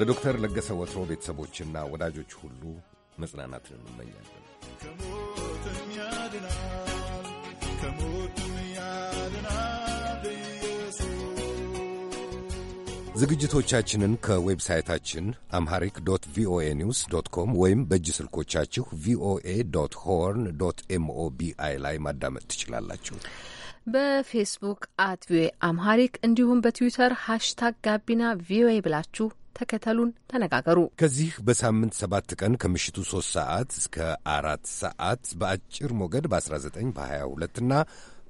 ለዶክተር ለገሰ ወትሮ ቤተሰቦችና ወዳጆች ሁሉ መጽናናትን እንመኛለን። ከሞትም ያድናል ከሞትም ያድናል ዝግጅቶቻችንን ከዌብሳይታችን አምሃሪክ ዶት ቪኦኤ ኒውስ ዶት ኮም ወይም በእጅ ስልኮቻችሁ ቪኦኤ ዶት ሆርን ዶት ኤምኦቢአይ ላይ ማዳመጥ ትችላላችሁ። በፌስቡክ አት ቪኦኤ አምሃሪክ እንዲሁም በትዊተር ሃሽታግ ጋቢና ቪኦኤ ብላችሁ ተከተሉን፣ ተነጋገሩ። ከዚህ በሳምንት ሰባት ቀን ከምሽቱ ሶስት ሰዓት እስከ አራት ሰዓት በአጭር ሞገድ በ19 በ22 እና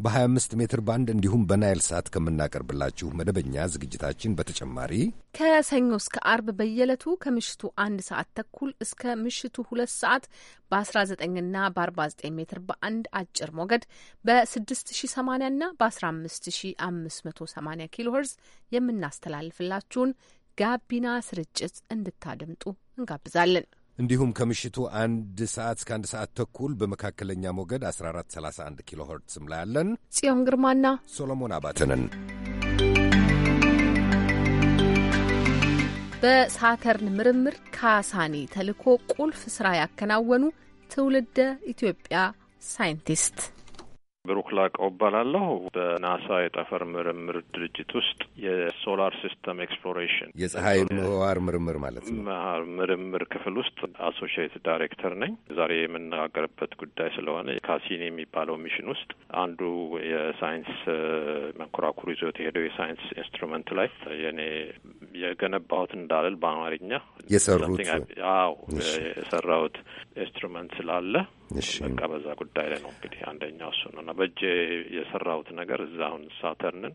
በ25 ሜትር ባንድ እንዲሁም በናይል ሳት ከምናቀርብላችሁ መደበኛ ዝግጅታችን በተጨማሪ ከሰኞ እስከ አርብ በየዕለቱ ከምሽቱ አንድ ሰዓት ተኩል እስከ ምሽቱ ሁለት ሰዓት በ19ና በ49 ሜትር በአንድ አጭር ሞገድ በ6080 ና በ15580 ኪሎ ሄርዝ የምናስተላልፍላችሁን ጋቢና ስርጭት እንድታደምጡ እንጋብዛለን። እንዲሁም ከምሽቱ አንድ ሰዓት እስከ አንድ ሰዓት ተኩል በመካከለኛ ሞገድ 1431 ኪሎ ኸርትስም ላይ ያለን ጽዮን ግርማና ሶሎሞን አባተንን በሳተርን ምርምር ካሳኒ ተልኮ ቁልፍ ስራ ያከናወኑ ትውልደ ኢትዮጵያ ሳይንቲስት ብሩክ ላቀው እባላለሁ። በናሳ የጠፈር ምርምር ድርጅት ውስጥ የሶላር ሲስተም ኤክስፕሎሬሽን የፀሐይ ምህዋር ምርምር ማለት ነው ምርምር ክፍል ውስጥ አሶሺየት ዳይሬክተር ነኝ። ዛሬ የምነጋገርበት ጉዳይ ስለሆነ ካሲኒ የሚባለው ሚሽን ውስጥ አንዱ የሳይንስ መንኮራኩር ይዞ የሄደው የሳይንስ ኢንስትሩመንት ላይ የኔ የገነባሁት እንዳልል በአማርኛ የሰሩት አዎ የሰራሁት ኢንስትሩመንት ስላለ በቃ በዛ ጉዳይ ላይ ነው እንግዲህ አንደኛው እሱ ነው እና በእጄ የሰራሁት ነገር እዛ አሁን ሳተርንን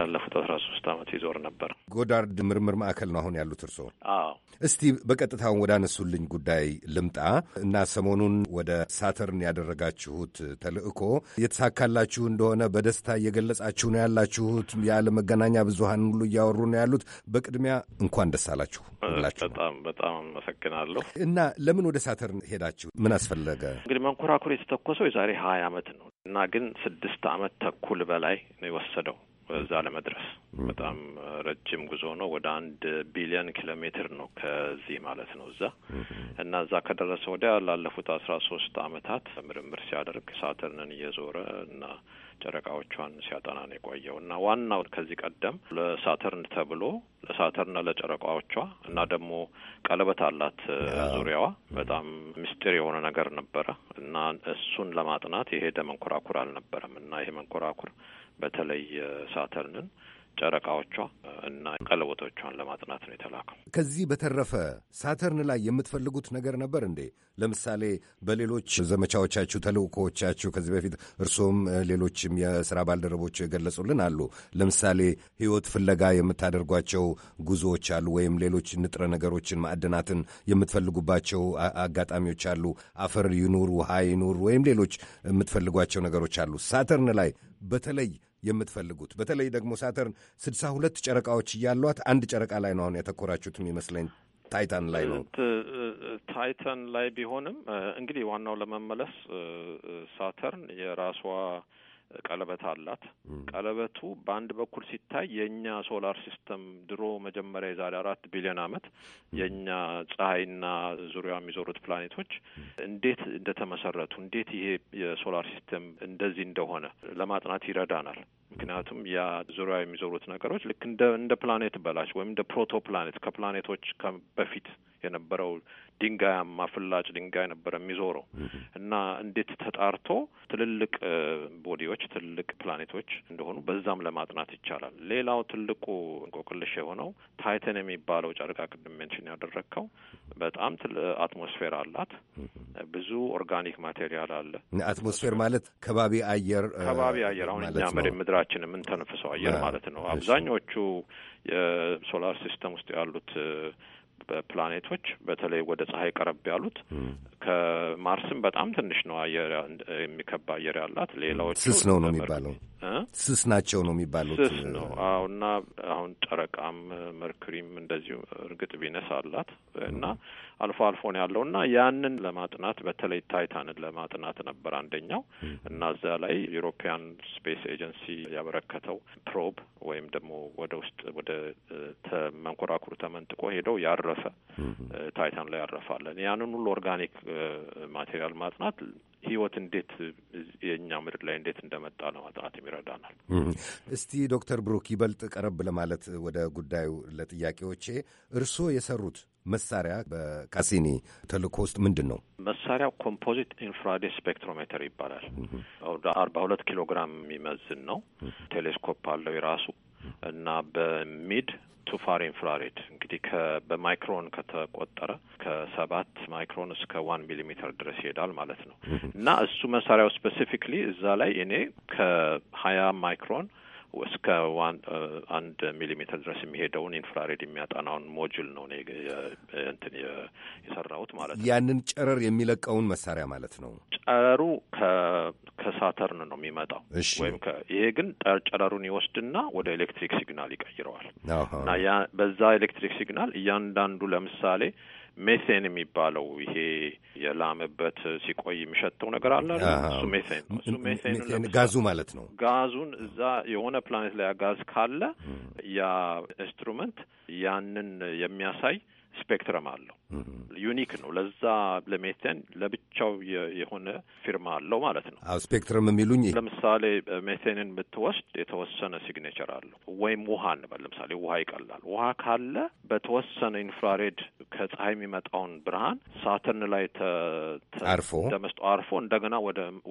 ያለፉት አስራ ሶስት አመት ይዞር ነበር። ጎዳርድ ምርምር ማዕከል ነው አሁን ያሉት እርስዎ? አዎ። እስቲ በቀጥታውን ወደ አነሱልኝ ጉዳይ ልምጣ እና ሰሞኑን ወደ ሳተርን ያደረጋችሁት ተልእኮ የተሳካላችሁ እንደሆነ በደስታ እየገለጻችሁ ነው ያላችሁት። ያለ መገናኛ ብዙሀን ሁሉ እያወሩ ነው ያሉት። በቅድሚያ እንኳን ደስ አላችሁ ብላችሁ በጣም በጣም አመሰግናለሁ። እና ለምን ወደ ሳተርን ሄዳችሁ? ምን አስፈለገ? እንግዲህ መንኮራኩር የተተኮሰው የዛሬ ሀያ አመት ነው እና ግን ስድስት አመት ተኩል በላይ ነው የወሰደው እዛ ለመድረስ በጣም ረጅም ጉዞ ነው። ወደ አንድ ቢሊዮን ኪሎ ሜትር ነው ከዚህ ማለት ነው እዛ እና እዛ ከደረሰ ወዲያ ላለፉት አስራ ሶስት አመታት ምርምር ሲያደርግ ሳተርንን እየዞረ እና ጨረቃዎቿን ሲያጠናን የቆየው እና ዋናው ከዚህ ቀደም ለሳተርን ተብሎ ለሳተርና ለጨረቃዎቿ እና ደግሞ ቀለበት አላት ዙሪያዋ በጣም ምስጢር የሆነ ነገር ነበረ እና እሱን ለማጥናት የሄደ መንኮራኩር አልነበረም እና ይሄ መንኮራኩር በተለይ ሳተርንን ጨረቃዎቿ እና ቀለበቶቿን ለማጥናት ነው የተላከው። ከዚህ በተረፈ ሳተርን ላይ የምትፈልጉት ነገር ነበር እንዴ? ለምሳሌ በሌሎች ዘመቻዎቻችሁ፣ ተልእኮዎቻችሁ ከዚህ በፊት እርሶም ሌሎችም የስራ ባልደረቦች የገለጹልን አሉ። ለምሳሌ ህይወት ፍለጋ የምታደርጓቸው ጉዞዎች አሉ፣ ወይም ሌሎች ንጥረ ነገሮችን ማዕድናትን የምትፈልጉባቸው አጋጣሚዎች አሉ። አፈር ይኑር፣ ውሃ ይኑር፣ ወይም ሌሎች የምትፈልጓቸው ነገሮች አሉ። ሳተርን ላይ በተለይ የምትፈልጉት። በተለይ ደግሞ ሳተርን ስድሳ ሁለት ጨረቃዎች እያሏት አንድ ጨረቃ ላይ ነው አሁን ያተኮራችሁት የሚመስለኝ ታይታን ላይ ነው። ታይታን ላይ ቢሆንም እንግዲህ ዋናው ለመመለስ ሳተርን የራሷ ቀለበት አላት። ቀለበቱ በአንድ በኩል ሲታይ የእኛ ሶላር ሲስተም ድሮ መጀመሪያ የዛሬ አራት ቢሊዮን ዓመት የእኛ ፀሐይና ዙሪያ የሚዞሩት ፕላኔቶች እንዴት እንደተመሰረቱ እንዴት ይሄ የሶላር ሲስተም እንደዚህ እንደሆነ ለማጥናት ይረዳናል። ምክንያቱም ያ ዙሪያ የሚዞሩት ነገሮች ልክ እንደ እንደ ፕላኔት በላሽ ወይም እንደ ፕሮቶ ፕላኔት ከፕላኔቶች በፊት የነበረው ድንጋያማ ፍላጭ ድንጋይ ነበረ የሚዞረው እና እንዴት ተጣርቶ ትልልቅ ቦዲዎች ትልልቅ ፕላኔቶች እንደሆኑ በዛም ለማጥናት ይቻላል። ሌላው ትልቁ እንቆቅልሽ የሆነው ታይተን የሚባለው ጨረቃ ቅድም ሜንሽን ያደረግከው በጣም አትሞስፌር አላት። ብዙ ኦርጋኒክ ማቴሪያል አለ። አትሞስፌር ማለት ከባቢ አየር ከባቢ አየር አሁን እኛ መሬት ምድር ሁላችን የምንተነፍሰው አየር ማለት ነው። አብዛኞቹ የሶላር ሲስተም ውስጥ ያሉት ፕላኔቶች በተለይ ወደ ፀሐይ ቀረብ ያሉት ከማርስም በጣም ትንሽ ነው አየር የሚከባ አየር ያላት። ሌላዎች ስስ ነው ነው የሚባለው ስስ ናቸው ነው የሚባሉት ስስ ነው። አዎ እና አሁን ጨረቃም መርኩሪም እንደዚሁ እርግጥ ቪነስ አላት እና አልፎ አልፎ ነው ያለው እና ያንን ለማጥናት በተለይ ታይታንን ለማጥናት ነበር አንደኛው እና እዛ ላይ ዩሮፒያን ስፔስ ኤጀንሲ ያበረከተው ፕሮብ ወይም ደግሞ ወደ ውስጥ ወደ መንኮራኩር ተመንጥቆ ሄደው ያረ ያረፈ ታይታን ላይ ያረፋለን። ያንን ሁሉ ኦርጋኒክ ማቴሪያል ማጥናት ህይወት እንዴት የእኛ ምድር ላይ እንዴት እንደመጣ ለማጥናት ይረዳናል። እስቲ ዶክተር ብሩክ ይበልጥ ቀረብ ለማለት ወደ ጉዳዩ ለጥያቄዎቼ እርስዎ የሰሩት መሳሪያ በካሲኒ ተልእኮ ውስጥ ምንድን ነው? መሳሪያው ኮምፖዚት ኢንፍራዴ ስፔክትሮሜተር ይባላል። ወደ አርባ ሁለት ኪሎ ግራም የሚመዝን ነው። ቴሌስኮፕ አለው የራሱ እና በሚድ ቱፋር ፋር ኢንፍራሬድ እንግዲህ በማይክሮን ከተቆጠረ ከሰባት ማይክሮን እስከ ዋን ሚሊሜትር ድረስ ይሄዳል ማለት ነው እና እሱ መሳሪያው ስፔሲፊክሊ እዛ ላይ እኔ ከሀያ ማይክሮን እስከ አንድ ሚሊሜትር ድረስ የሚሄደውን ኢንፍራሬድ የሚያጠናውን ሞጁል ነው እንትን የሰራሁት ማለት ነው። ያንን ጨረር የሚለቀውን መሳሪያ ማለት ነው። ጨረሩ ከሳተርን ነው የሚመጣው ወይም ይሄ ግን ጨረሩን ይወስድና ወደ ኤሌክትሪክ ሲግናል ይቀይረዋል እና በዛ ኤሌክትሪክ ሲግናል እያንዳንዱ ለምሳሌ ሜሴን የሚባለው ይሄ የላመበት ሲቆይ የሚሸተው ነገር አለ። እሱ ሜሴን እሱ ሜሴን ጋዙ ማለት ነው። ጋዙን እዛ የሆነ ፕላኔት ላይ ጋዝ ካለ ያ ኢንስትሩመንት ያንን የሚያሳይ ስፔክትረም አለው። ዩኒክ ነው። ለዛ ለሜቴን ለብቻው የሆነ ፊርማ አለው ማለት ነው። አዎ ስፔክትረም የሚሉኝ ለምሳሌ ሜቴንን የምትወስድ የተወሰነ ሲግኔቸር አለው። ወይም ውሃ እንበል ለምሳሌ ውሃ ይቀላል። ውሃ ካለ በተወሰነ ኢንፍራሬድ ከፀሐይ የሚመጣውን ብርሃን ሳተርን ላይ አርፎ ተመስጦ አርፎ እንደገና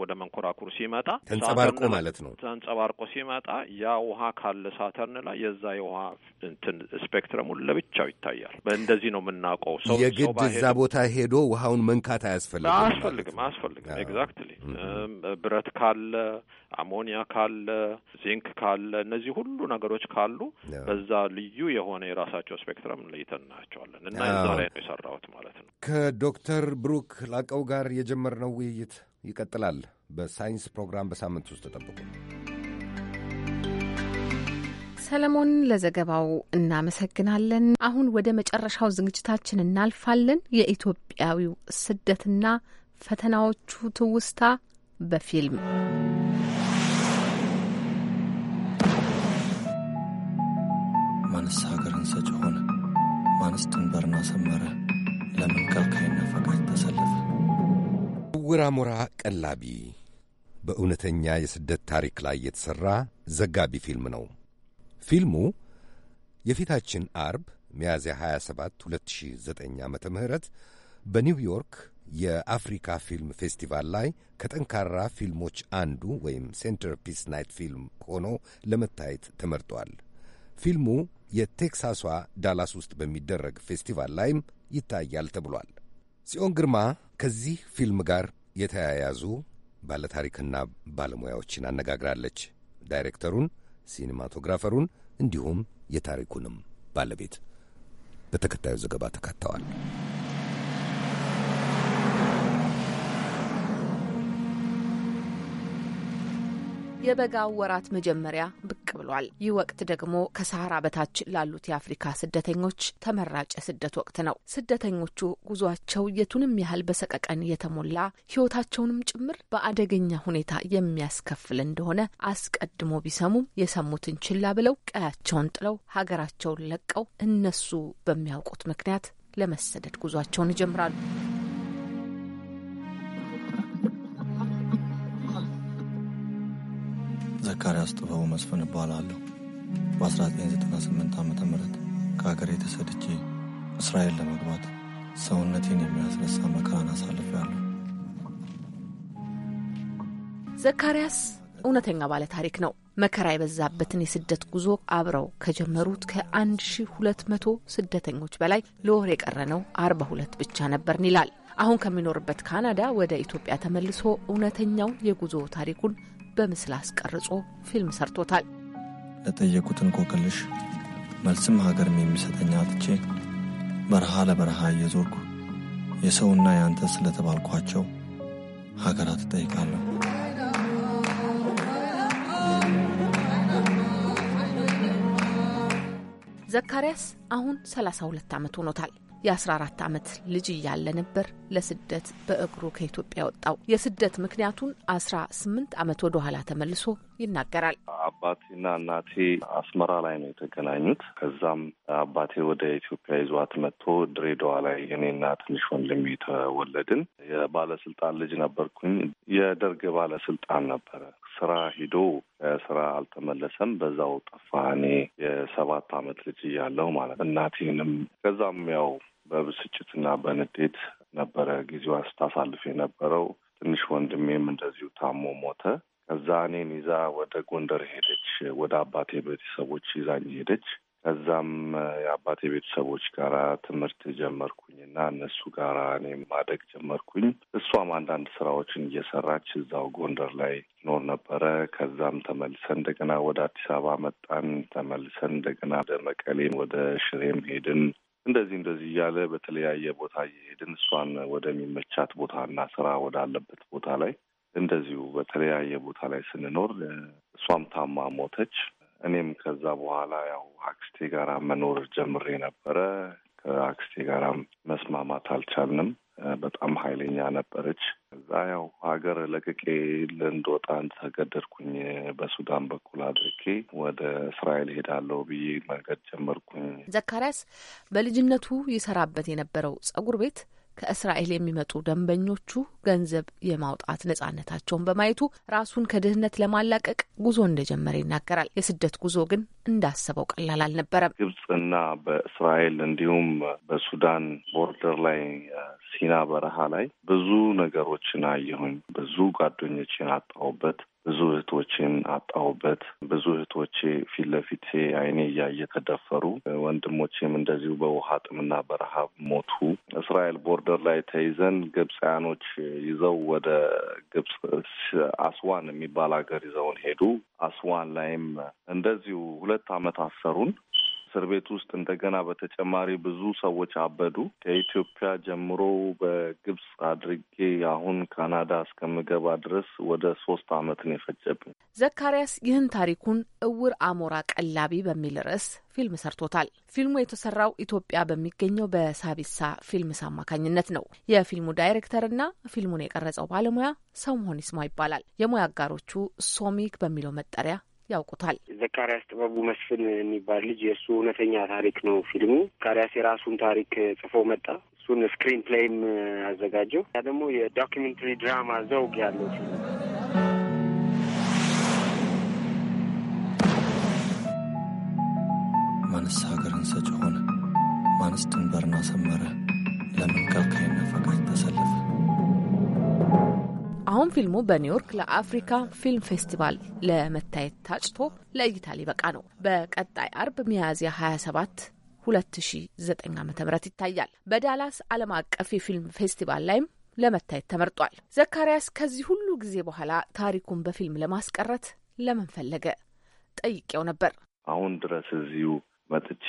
ወደ መንኮራኩር ሲመጣ ተንጸባርቆ ማለት ነው። ተንጸባርቆ ሲመጣ ያ ውሃ ካለ ሳተርን ላይ የዛ የውሃ እንትን ስፔክትረሙን ለብቻው ይታያል። በእንደዚህ እንደዚህ ነው የምናውቀው። ሰው የግድ እዛ ቦታ ሄዶ ውሃውን መንካት አያስፈልግም፣ አያስፈልግም፣ አያስፈልግም። ኤግዛክትሊ ብረት ካለ አሞኒያ ካለ ዚንክ ካለ እነዚህ ሁሉ ነገሮች ካሉ በዛ ልዩ የሆነ የራሳቸው ስፔክትረም ለይተን እናያቸዋለን እና እዛ ላይ ነው የሰራሁት ማለት ነው። ከዶክተር ብሩክ ላቀው ጋር የጀመርነው ውይይት ይቀጥላል። በሳይንስ ፕሮግራም በሳምንት ውስጥ ተጠብቁ። ሰለሞን ለዘገባው እናመሰግናለን። አሁን ወደ መጨረሻው ዝግጅታችን እናልፋለን። የኢትዮጵያዊው ስደትና ፈተናዎቹ ትውስታ በፊልም ማንስ ሀገርን ሰጭ ሆነ? ማንስ ድንበርና ሰመረ? ለምን ከልካይና ፈቃጅ ተሰለፈ? ዕውር አሞራ ቀላቢ በእውነተኛ የስደት ታሪክ ላይ የተሠራ ዘጋቢ ፊልም ነው። ፊልሙ የፊታችን አርብ ሚያዝያ 27 2009 ዓመተ ምህረት በኒውዮርክ የአፍሪካ ፊልም ፌስቲቫል ላይ ከጠንካራ ፊልሞች አንዱ ወይም ሴንተር ፒስ ናይት ፊልም ሆኖ ለመታየት ተመርጧል። ፊልሙ የቴክሳሷ ዳላስ ውስጥ በሚደረግ ፌስቲቫል ላይም ይታያል ተብሏል። ጽዮን ግርማ ከዚህ ፊልም ጋር የተያያዙ ባለታሪክና ባለሙያዎችን አነጋግራለች። ዳይሬክተሩን ሲኒማቶግራፈሩን እንዲሁም የታሪኩንም ባለቤት በተከታዩ ዘገባ ተካተዋል። የበጋው ወራት መጀመሪያ ብቅ ብሏል። ይህ ወቅት ደግሞ ከሰሃራ በታች ላሉት የአፍሪካ ስደተኞች ተመራጭ የስደት ወቅት ነው። ስደተኞቹ ጉዟቸው የቱንም ያህል በሰቀቀን የተሞላ ሕይወታቸውንም ጭምር በአደገኛ ሁኔታ የሚያስከፍል እንደሆነ አስቀድሞ ቢሰሙም የሰሙትን ችላ ብለው ቀያቸውን ጥለው ሀገራቸውን ለቀው እነሱ በሚያውቁት ምክንያት ለመሰደድ ጉዟቸውን ይጀምራሉ። ዘካርያስ ጥበቡ መስፍን እባላለሁ። በ1998 ዓ ም ከሀገሬ ተሰድጄ እስራኤል ለመግባት ሰውነቴን የሚያስነሳ መከራን አሳልፌያለሁ። ዘካርያስ እውነተኛ ባለ ታሪክ ነው። መከራ የበዛበትን የስደት ጉዞ አብረው ከጀመሩት ከ1200 ስደተኞች በላይ ለወር የቀረነው 42 ብቻ ነበርን ይላል። አሁን ከሚኖርበት ካናዳ ወደ ኢትዮጵያ ተመልሶ እውነተኛውን የጉዞ ታሪኩን በምስል አስቀርጾ ፊልም ሰርቶታል። ለጠየቁት እንቆቅልሽ መልስም ሀገርም የሚሰጠኝ አጥቼ በረሃ ለበረሃ እየዞርኩ የሰውና የአንተ ስለተባልኳቸው ሀገራት እጠይቃለሁ። ዘካርያስ አሁን 32 ዓመት ሆኖታል። የ14 ዓመት ልጅ እያለ ነበር ለስደት በእግሩ ከኢትዮጵያ ወጣው። የስደት ምክንያቱን 18 ዓመት ወደ ኋላ ተመልሶ ይናገራል። አባቴና እናቴ አስመራ ላይ ነው የተገናኙት። ከዛም አባቴ ወደ ኢትዮጵያ ይዟት መጥቶ ድሬዳዋ ላይ እኔና ትንሽ ወንድሜ ተወለድን። የባለስልጣን ልጅ ነበርኩኝ። የደርግ ባለስልጣን ነበረ። ስራ ሂዶ ስራ አልተመለሰም። በዛው ጠፋ። እኔ የሰባት ዓመት ልጅ እያለሁ ማለት እናቴንም ከዛም ያው በብስጭትና በንዴት ነበረ ጊዜዋ ስታሳልፍ የነበረው። ትንሽ ወንድሜም እንደዚሁ ታሞ ሞተ። ከዛ እኔን ይዛ ወደ ጎንደር ሄደች። ወደ አባቴ ቤተሰቦች ይዛኝ ሄደች። ከዛም የአባቴ ቤተሰቦች ጋራ ትምህርት ጀመርኩኝና እነሱ ጋራ እኔ ማደግ ጀመርኩኝ። እሷም አንዳንድ ስራዎችን እየሰራች እዛው ጎንደር ላይ ኖር ነበረ። ከዛም ተመልሰን እንደገና ወደ አዲስ አበባ መጣን። ተመልሰን እንደገና ወደ መቀሌም ወደ ሽሬም ሄድን። እንደዚህ እንደዚህ እያለ በተለያየ ቦታ እየሄድን እሷን ወደሚመቻት ቦታ እና ስራ ወዳለበት ቦታ ላይ እንደዚሁ በተለያየ ቦታ ላይ ስንኖር እሷም ታማ ሞተች። እኔም ከዛ በኋላ ያው አክስቴ ጋራ መኖር ጀምሬ ነበረ። ከአክስቴ ጋራም መስማማት አልቻልንም። በጣም ኃይለኛ ነበረች። እዛ ያው ሀገር ለቅቄ ልንድወጣ ተገደድኩኝ። በሱዳን በኩል አድርጌ ወደ እስራኤል ሄዳለሁ ብዬ መንገድ ጀመርኩኝ። ዘካሪያስ በልጅነቱ ይሰራበት የነበረው ጸጉር ቤት ከእስራኤል የሚመጡ ደንበኞቹ ገንዘብ የማውጣት ነጻነታቸውን በማየቱ ራሱን ከድህነት ለማላቀቅ ጉዞ እንደጀመረ ይናገራል። የስደት ጉዞ ግን እንዳሰበው ቀላል አልነበረም። ግብጽ በእስራኤል እንዲሁም በሱዳን ቦርደር ላይ ሲና በረሃ ላይ ብዙ ነገሮችን አየሁኝ። ብዙ ጓደኞችን አጣሁበት። ብዙ እህቶችን አጣሁበት። ብዙ እህቶቼ ፊት ለፊቴ አይኔ እያየ ተደፈሩ። ወንድሞቼም እንደዚሁ በውሃ ጥምና በረሃብ ሞቱ። እስራኤል ቦርደር ላይ ተይዘን ግብፃያኖች ይዘው ወደ ግብፅ አስዋን የሚባል ሀገር ይዘውን ሄዱ። አስዋን ላይም እንደዚሁ ሁለት ዓመት አሰሩን። እስር ቤት ውስጥ እንደገና በተጨማሪ ብዙ ሰዎች አበዱ። ከኢትዮጵያ ጀምሮ በግብፅ አድርጌ አሁን ካናዳ እስከምገባ ድረስ ወደ ሶስት አመት ነው የፈጀብኝ። ዘካሪያስ ይህን ታሪኩን እውር አሞራ ቀላቢ በሚል ርዕስ ፊልም ሰርቶታል። ፊልሙ የተሰራው ኢትዮጵያ በሚገኘው በሳቢሳ ፊልምስ አማካኝነት ነው። የፊልሙ ዳይሬክተርና ፊልሙን የቀረጸው ባለሙያ ሰው መሆን ይስማ ይባላል። የሙያ አጋሮቹ ሶሚክ በሚለው መጠሪያ ያውቁታል። ዘካርያስ ጥበቡ መስፍን የሚባል ልጅ የእሱ እውነተኛ ታሪክ ነው ፊልሙ። ዘካሪያስ የራሱን ታሪክ ጽፎ መጣ። እሱን ስክሪን ፕሌይም አዘጋጀው። ያ ደግሞ የዶኪሜንታሪ ድራማ ዘውግ ያለው ፊልም ማንስ ሀገርን ሰጭ ሆነ? ማንስ ድንበርን አሰመረ? ለምን ከልካይና ፈቃጅ ተሰለፈ? አሁን ፊልሙ በኒውዮርክ ለአፍሪካ ፊልም ፌስቲቫል ለመታየት ታጭቶ ለእይታ ሊበቃ ነው። በቀጣይ አርብ ሚያዝያ 27 2009 ዓ ም ይታያል። በዳላስ ዓለም አቀፍ የፊልም ፌስቲቫል ላይም ለመታየት ተመርጧል። ዘካርያስ ከዚህ ሁሉ ጊዜ በኋላ ታሪኩን በፊልም ለማስቀረት ለምን ፈለገ ጠይቄው ነበር። አሁን ድረስ እዚሁ መጥቼ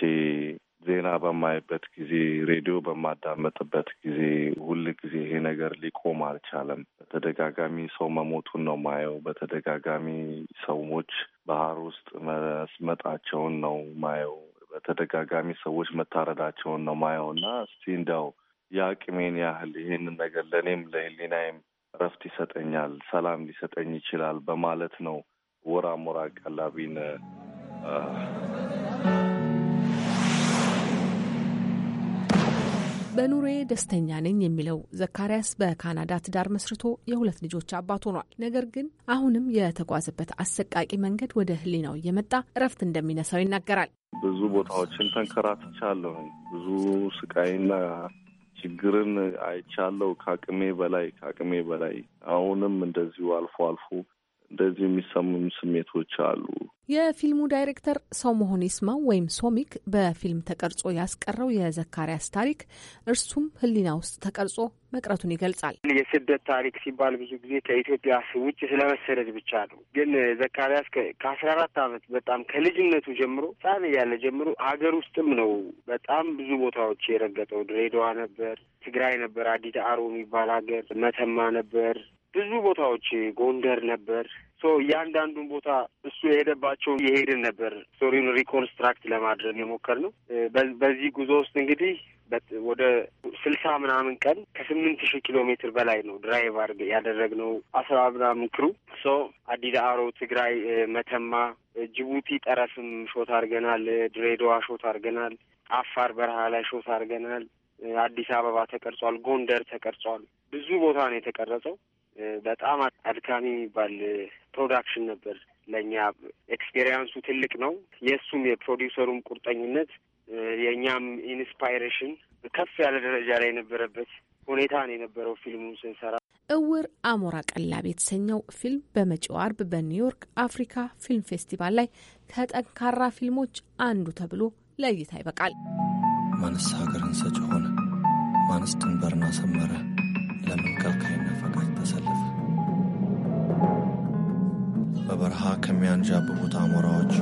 ዜና በማይበት ጊዜ፣ ሬዲዮ በማዳመጥበት ጊዜ ሁል ጊዜ ይሄ ነገር ሊቆም አልቻለም። በተደጋጋሚ ሰው መሞቱን ነው ማየው። በተደጋጋሚ ሰዎች ባህር ውስጥ መስመጣቸውን ነው ማየው። በተደጋጋሚ ሰዎች መታረዳቸውን ነው ማየው እና እስቲ እንዲያው የአቅሜን ያህል ይህንን ነገር ለእኔም ለህሊናይም እረፍት ይሰጠኛል፣ ሰላም ሊሰጠኝ ይችላል በማለት ነው ወራ ሞራ ቀላቢን በኑሮዬ ደስተኛ ነኝ የሚለው ዘካሪያስ በካናዳ ትዳር መስርቶ የሁለት ልጆች አባት ሆኗል። ነገር ግን አሁንም የተጓዘበት አሰቃቂ መንገድ ወደ ሕሊናው እየመጣ እረፍት እንደሚነሳው ይናገራል። ብዙ ቦታዎችን ተንከራትቻለሁ። ብዙ ስቃይና ችግርን አይቻለሁ። ከአቅሜ በላይ ከአቅሜ በላይ አሁንም እንደዚሁ አልፎ አልፎ እንደዚህ የሚሰሙም ስሜቶች አሉ። የፊልሙ ዳይሬክተር ሰው መሆን ይስማው ወይም ሶሚክ በፊልም ተቀርጾ ያስቀረው የዘካሪያስ ታሪክ እርሱም ሕሊና ውስጥ ተቀርጾ መቅረቱን ይገልጻል። የስደት ታሪክ ሲባል ብዙ ጊዜ ከኢትዮጵያ ውጭ ስለመሰደድ ብቻ ነው። ግን ዘካርያስ ከአስራ አራት ዓመት በጣም ከልጅነቱ ጀምሮ ሕጻን እያለ ጀምሮ ሀገር ውስጥም ነው በጣም ብዙ ቦታዎች የረገጠው። ድሬዳዋ ነበር፣ ትግራይ ነበር፣ አዲድ አሮ የሚባል ሀገር፣ መተማ ነበር፣ ብዙ ቦታዎች ጎንደር ነበር። ሶ እያንዳንዱን ቦታ እሱ የሄደባቸው የሄድን ነበር ስቶሪውን ሪኮንስትራክት ለማድረግ የሞከርነው። በዚህ ጉዞ ውስጥ እንግዲህ ወደ ስልሳ ምናምን ቀን ከስምንት ሺህ ኪሎ ሜትር በላይ ነው ድራይቭ አድርገ ያደረግነው አስራ ምናምን ክሩ ሶ አዲዳ አሮ፣ ትግራይ፣ መተማ፣ ጅቡቲ ጠረፍም ሾት አድርገናል። ድሬዳዋ ሾት አድርገናል። አፋር በረሃ ላይ ሾት አድርገናል። አዲስ አበባ ተቀርጿል። ጎንደር ተቀርጿል። ብዙ ቦታ ነው የተቀረጸው። በጣም አድካሚ የሚባል ፕሮዳክሽን ነበር። ለእኛ ኤክስፔሪያንሱ ትልቅ ነው። የእሱም የፕሮዲውሰሩም ቁርጠኝነት የእኛም ኢንስፓይሬሽን ከፍ ያለ ደረጃ ላይ የነበረበት ሁኔታ ነው የነበረው ፊልሙ ስንሰራ። እውር አሞራ ቀላብ የተሰኘው ፊልም በመጪው አርብ በኒውዮርክ አፍሪካ ፊልም ፌስቲቫል ላይ ከጠንካራ ፊልሞች አንዱ ተብሎ ለእይታ ይበቃል። ማንስ ሀገርን ሰጭ ሆነ? ማንስ ድንበርን አሰመረ? ለመንቀልቀይና ፈቃድ ተሰለፈ። በበረሃ ከሚያንዣብቡት አሞራዎች፣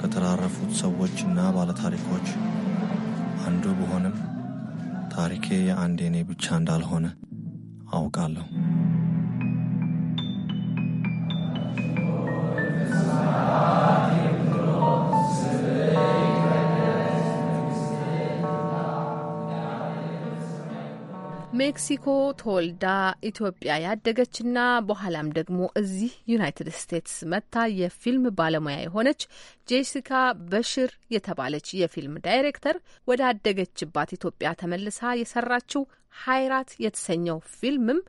ከተራረፉት ሰዎችና ባለታሪኮች አንዱ በሆንም ታሪኬ የአንድ የኔ ብቻ እንዳልሆነ አውቃለሁ። ሜክሲኮ ተወልዳ ኢትዮጵያ ያደገችና በኋላም ደግሞ እዚህ ዩናይትድ ስቴትስ መታ የፊልም ባለሙያ የሆነች ጄሲካ በሽር የተባለች የፊልም ዳይሬክተር ወደ አደገችባት ኢትዮጵያ ተመልሳ የሰራችው ሀይራት የተሰኘው ፊልምም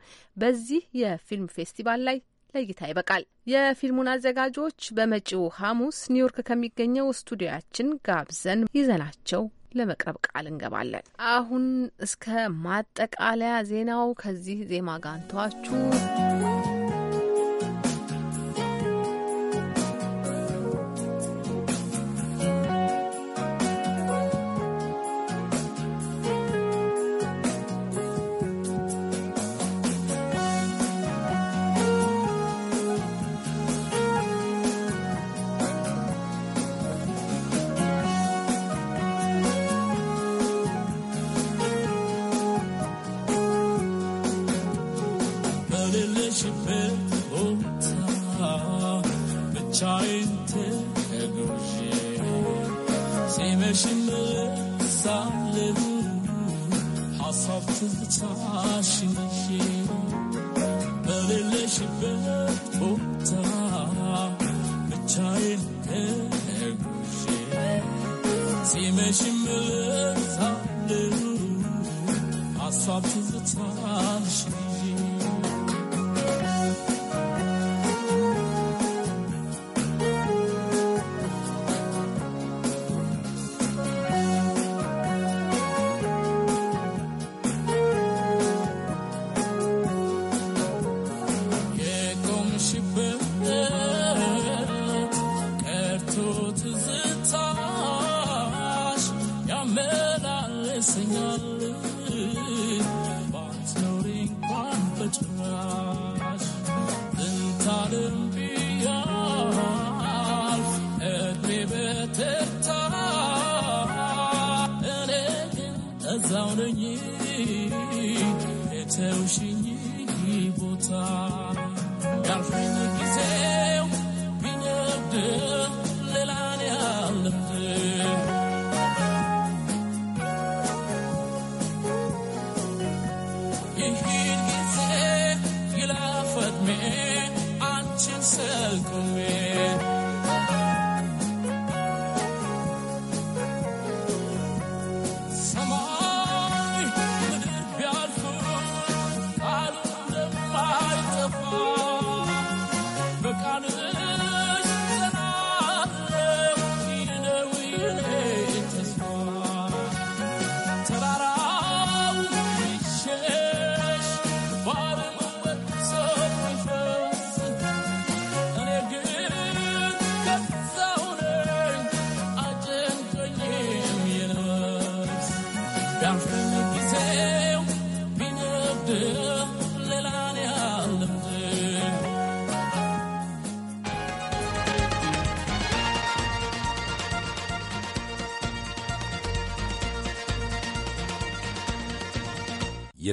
በዚህ የፊልም ፌስቲቫል ላይ ለእይታ ይበቃል። የፊልሙን አዘጋጆች በመጪው ሐሙስ ኒውዮርክ ከሚገኘው ስቱዲዮያችን ጋብዘን ይዘናቸው ለመቅረብ ቃል እንገባለን። አሁን እስከ ማጠቃለያ ዜናው ከዚህ ዜማ ጋንተዋችሁ czarynty tego ziemi. Sevmeşinleri sallehu hasapsız çarşın işi. Belirleşip bu da çarynty tego ziemi. Sevmeşinleri sallehu hasapsız çarşın işi.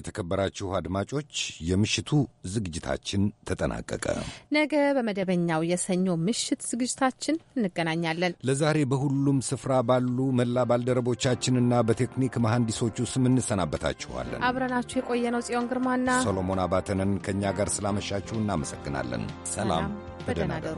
የተከበራችሁ አድማጮች፣ የምሽቱ ዝግጅታችን ተጠናቀቀ። ነገ በመደበኛው የሰኞ ምሽት ዝግጅታችን እንገናኛለን። ለዛሬ በሁሉም ስፍራ ባሉ መላ ባልደረቦቻችንና በቴክኒክ መሐንዲሶቹ ስም እንሰናበታችኋለን። አብረናችሁ የቆየነው ጽዮን ግርማና ሶሎሞን አባተንን ከእኛ ጋር ስላመሻችሁ እናመሰግናለን። ሰላም፣ በደህና you.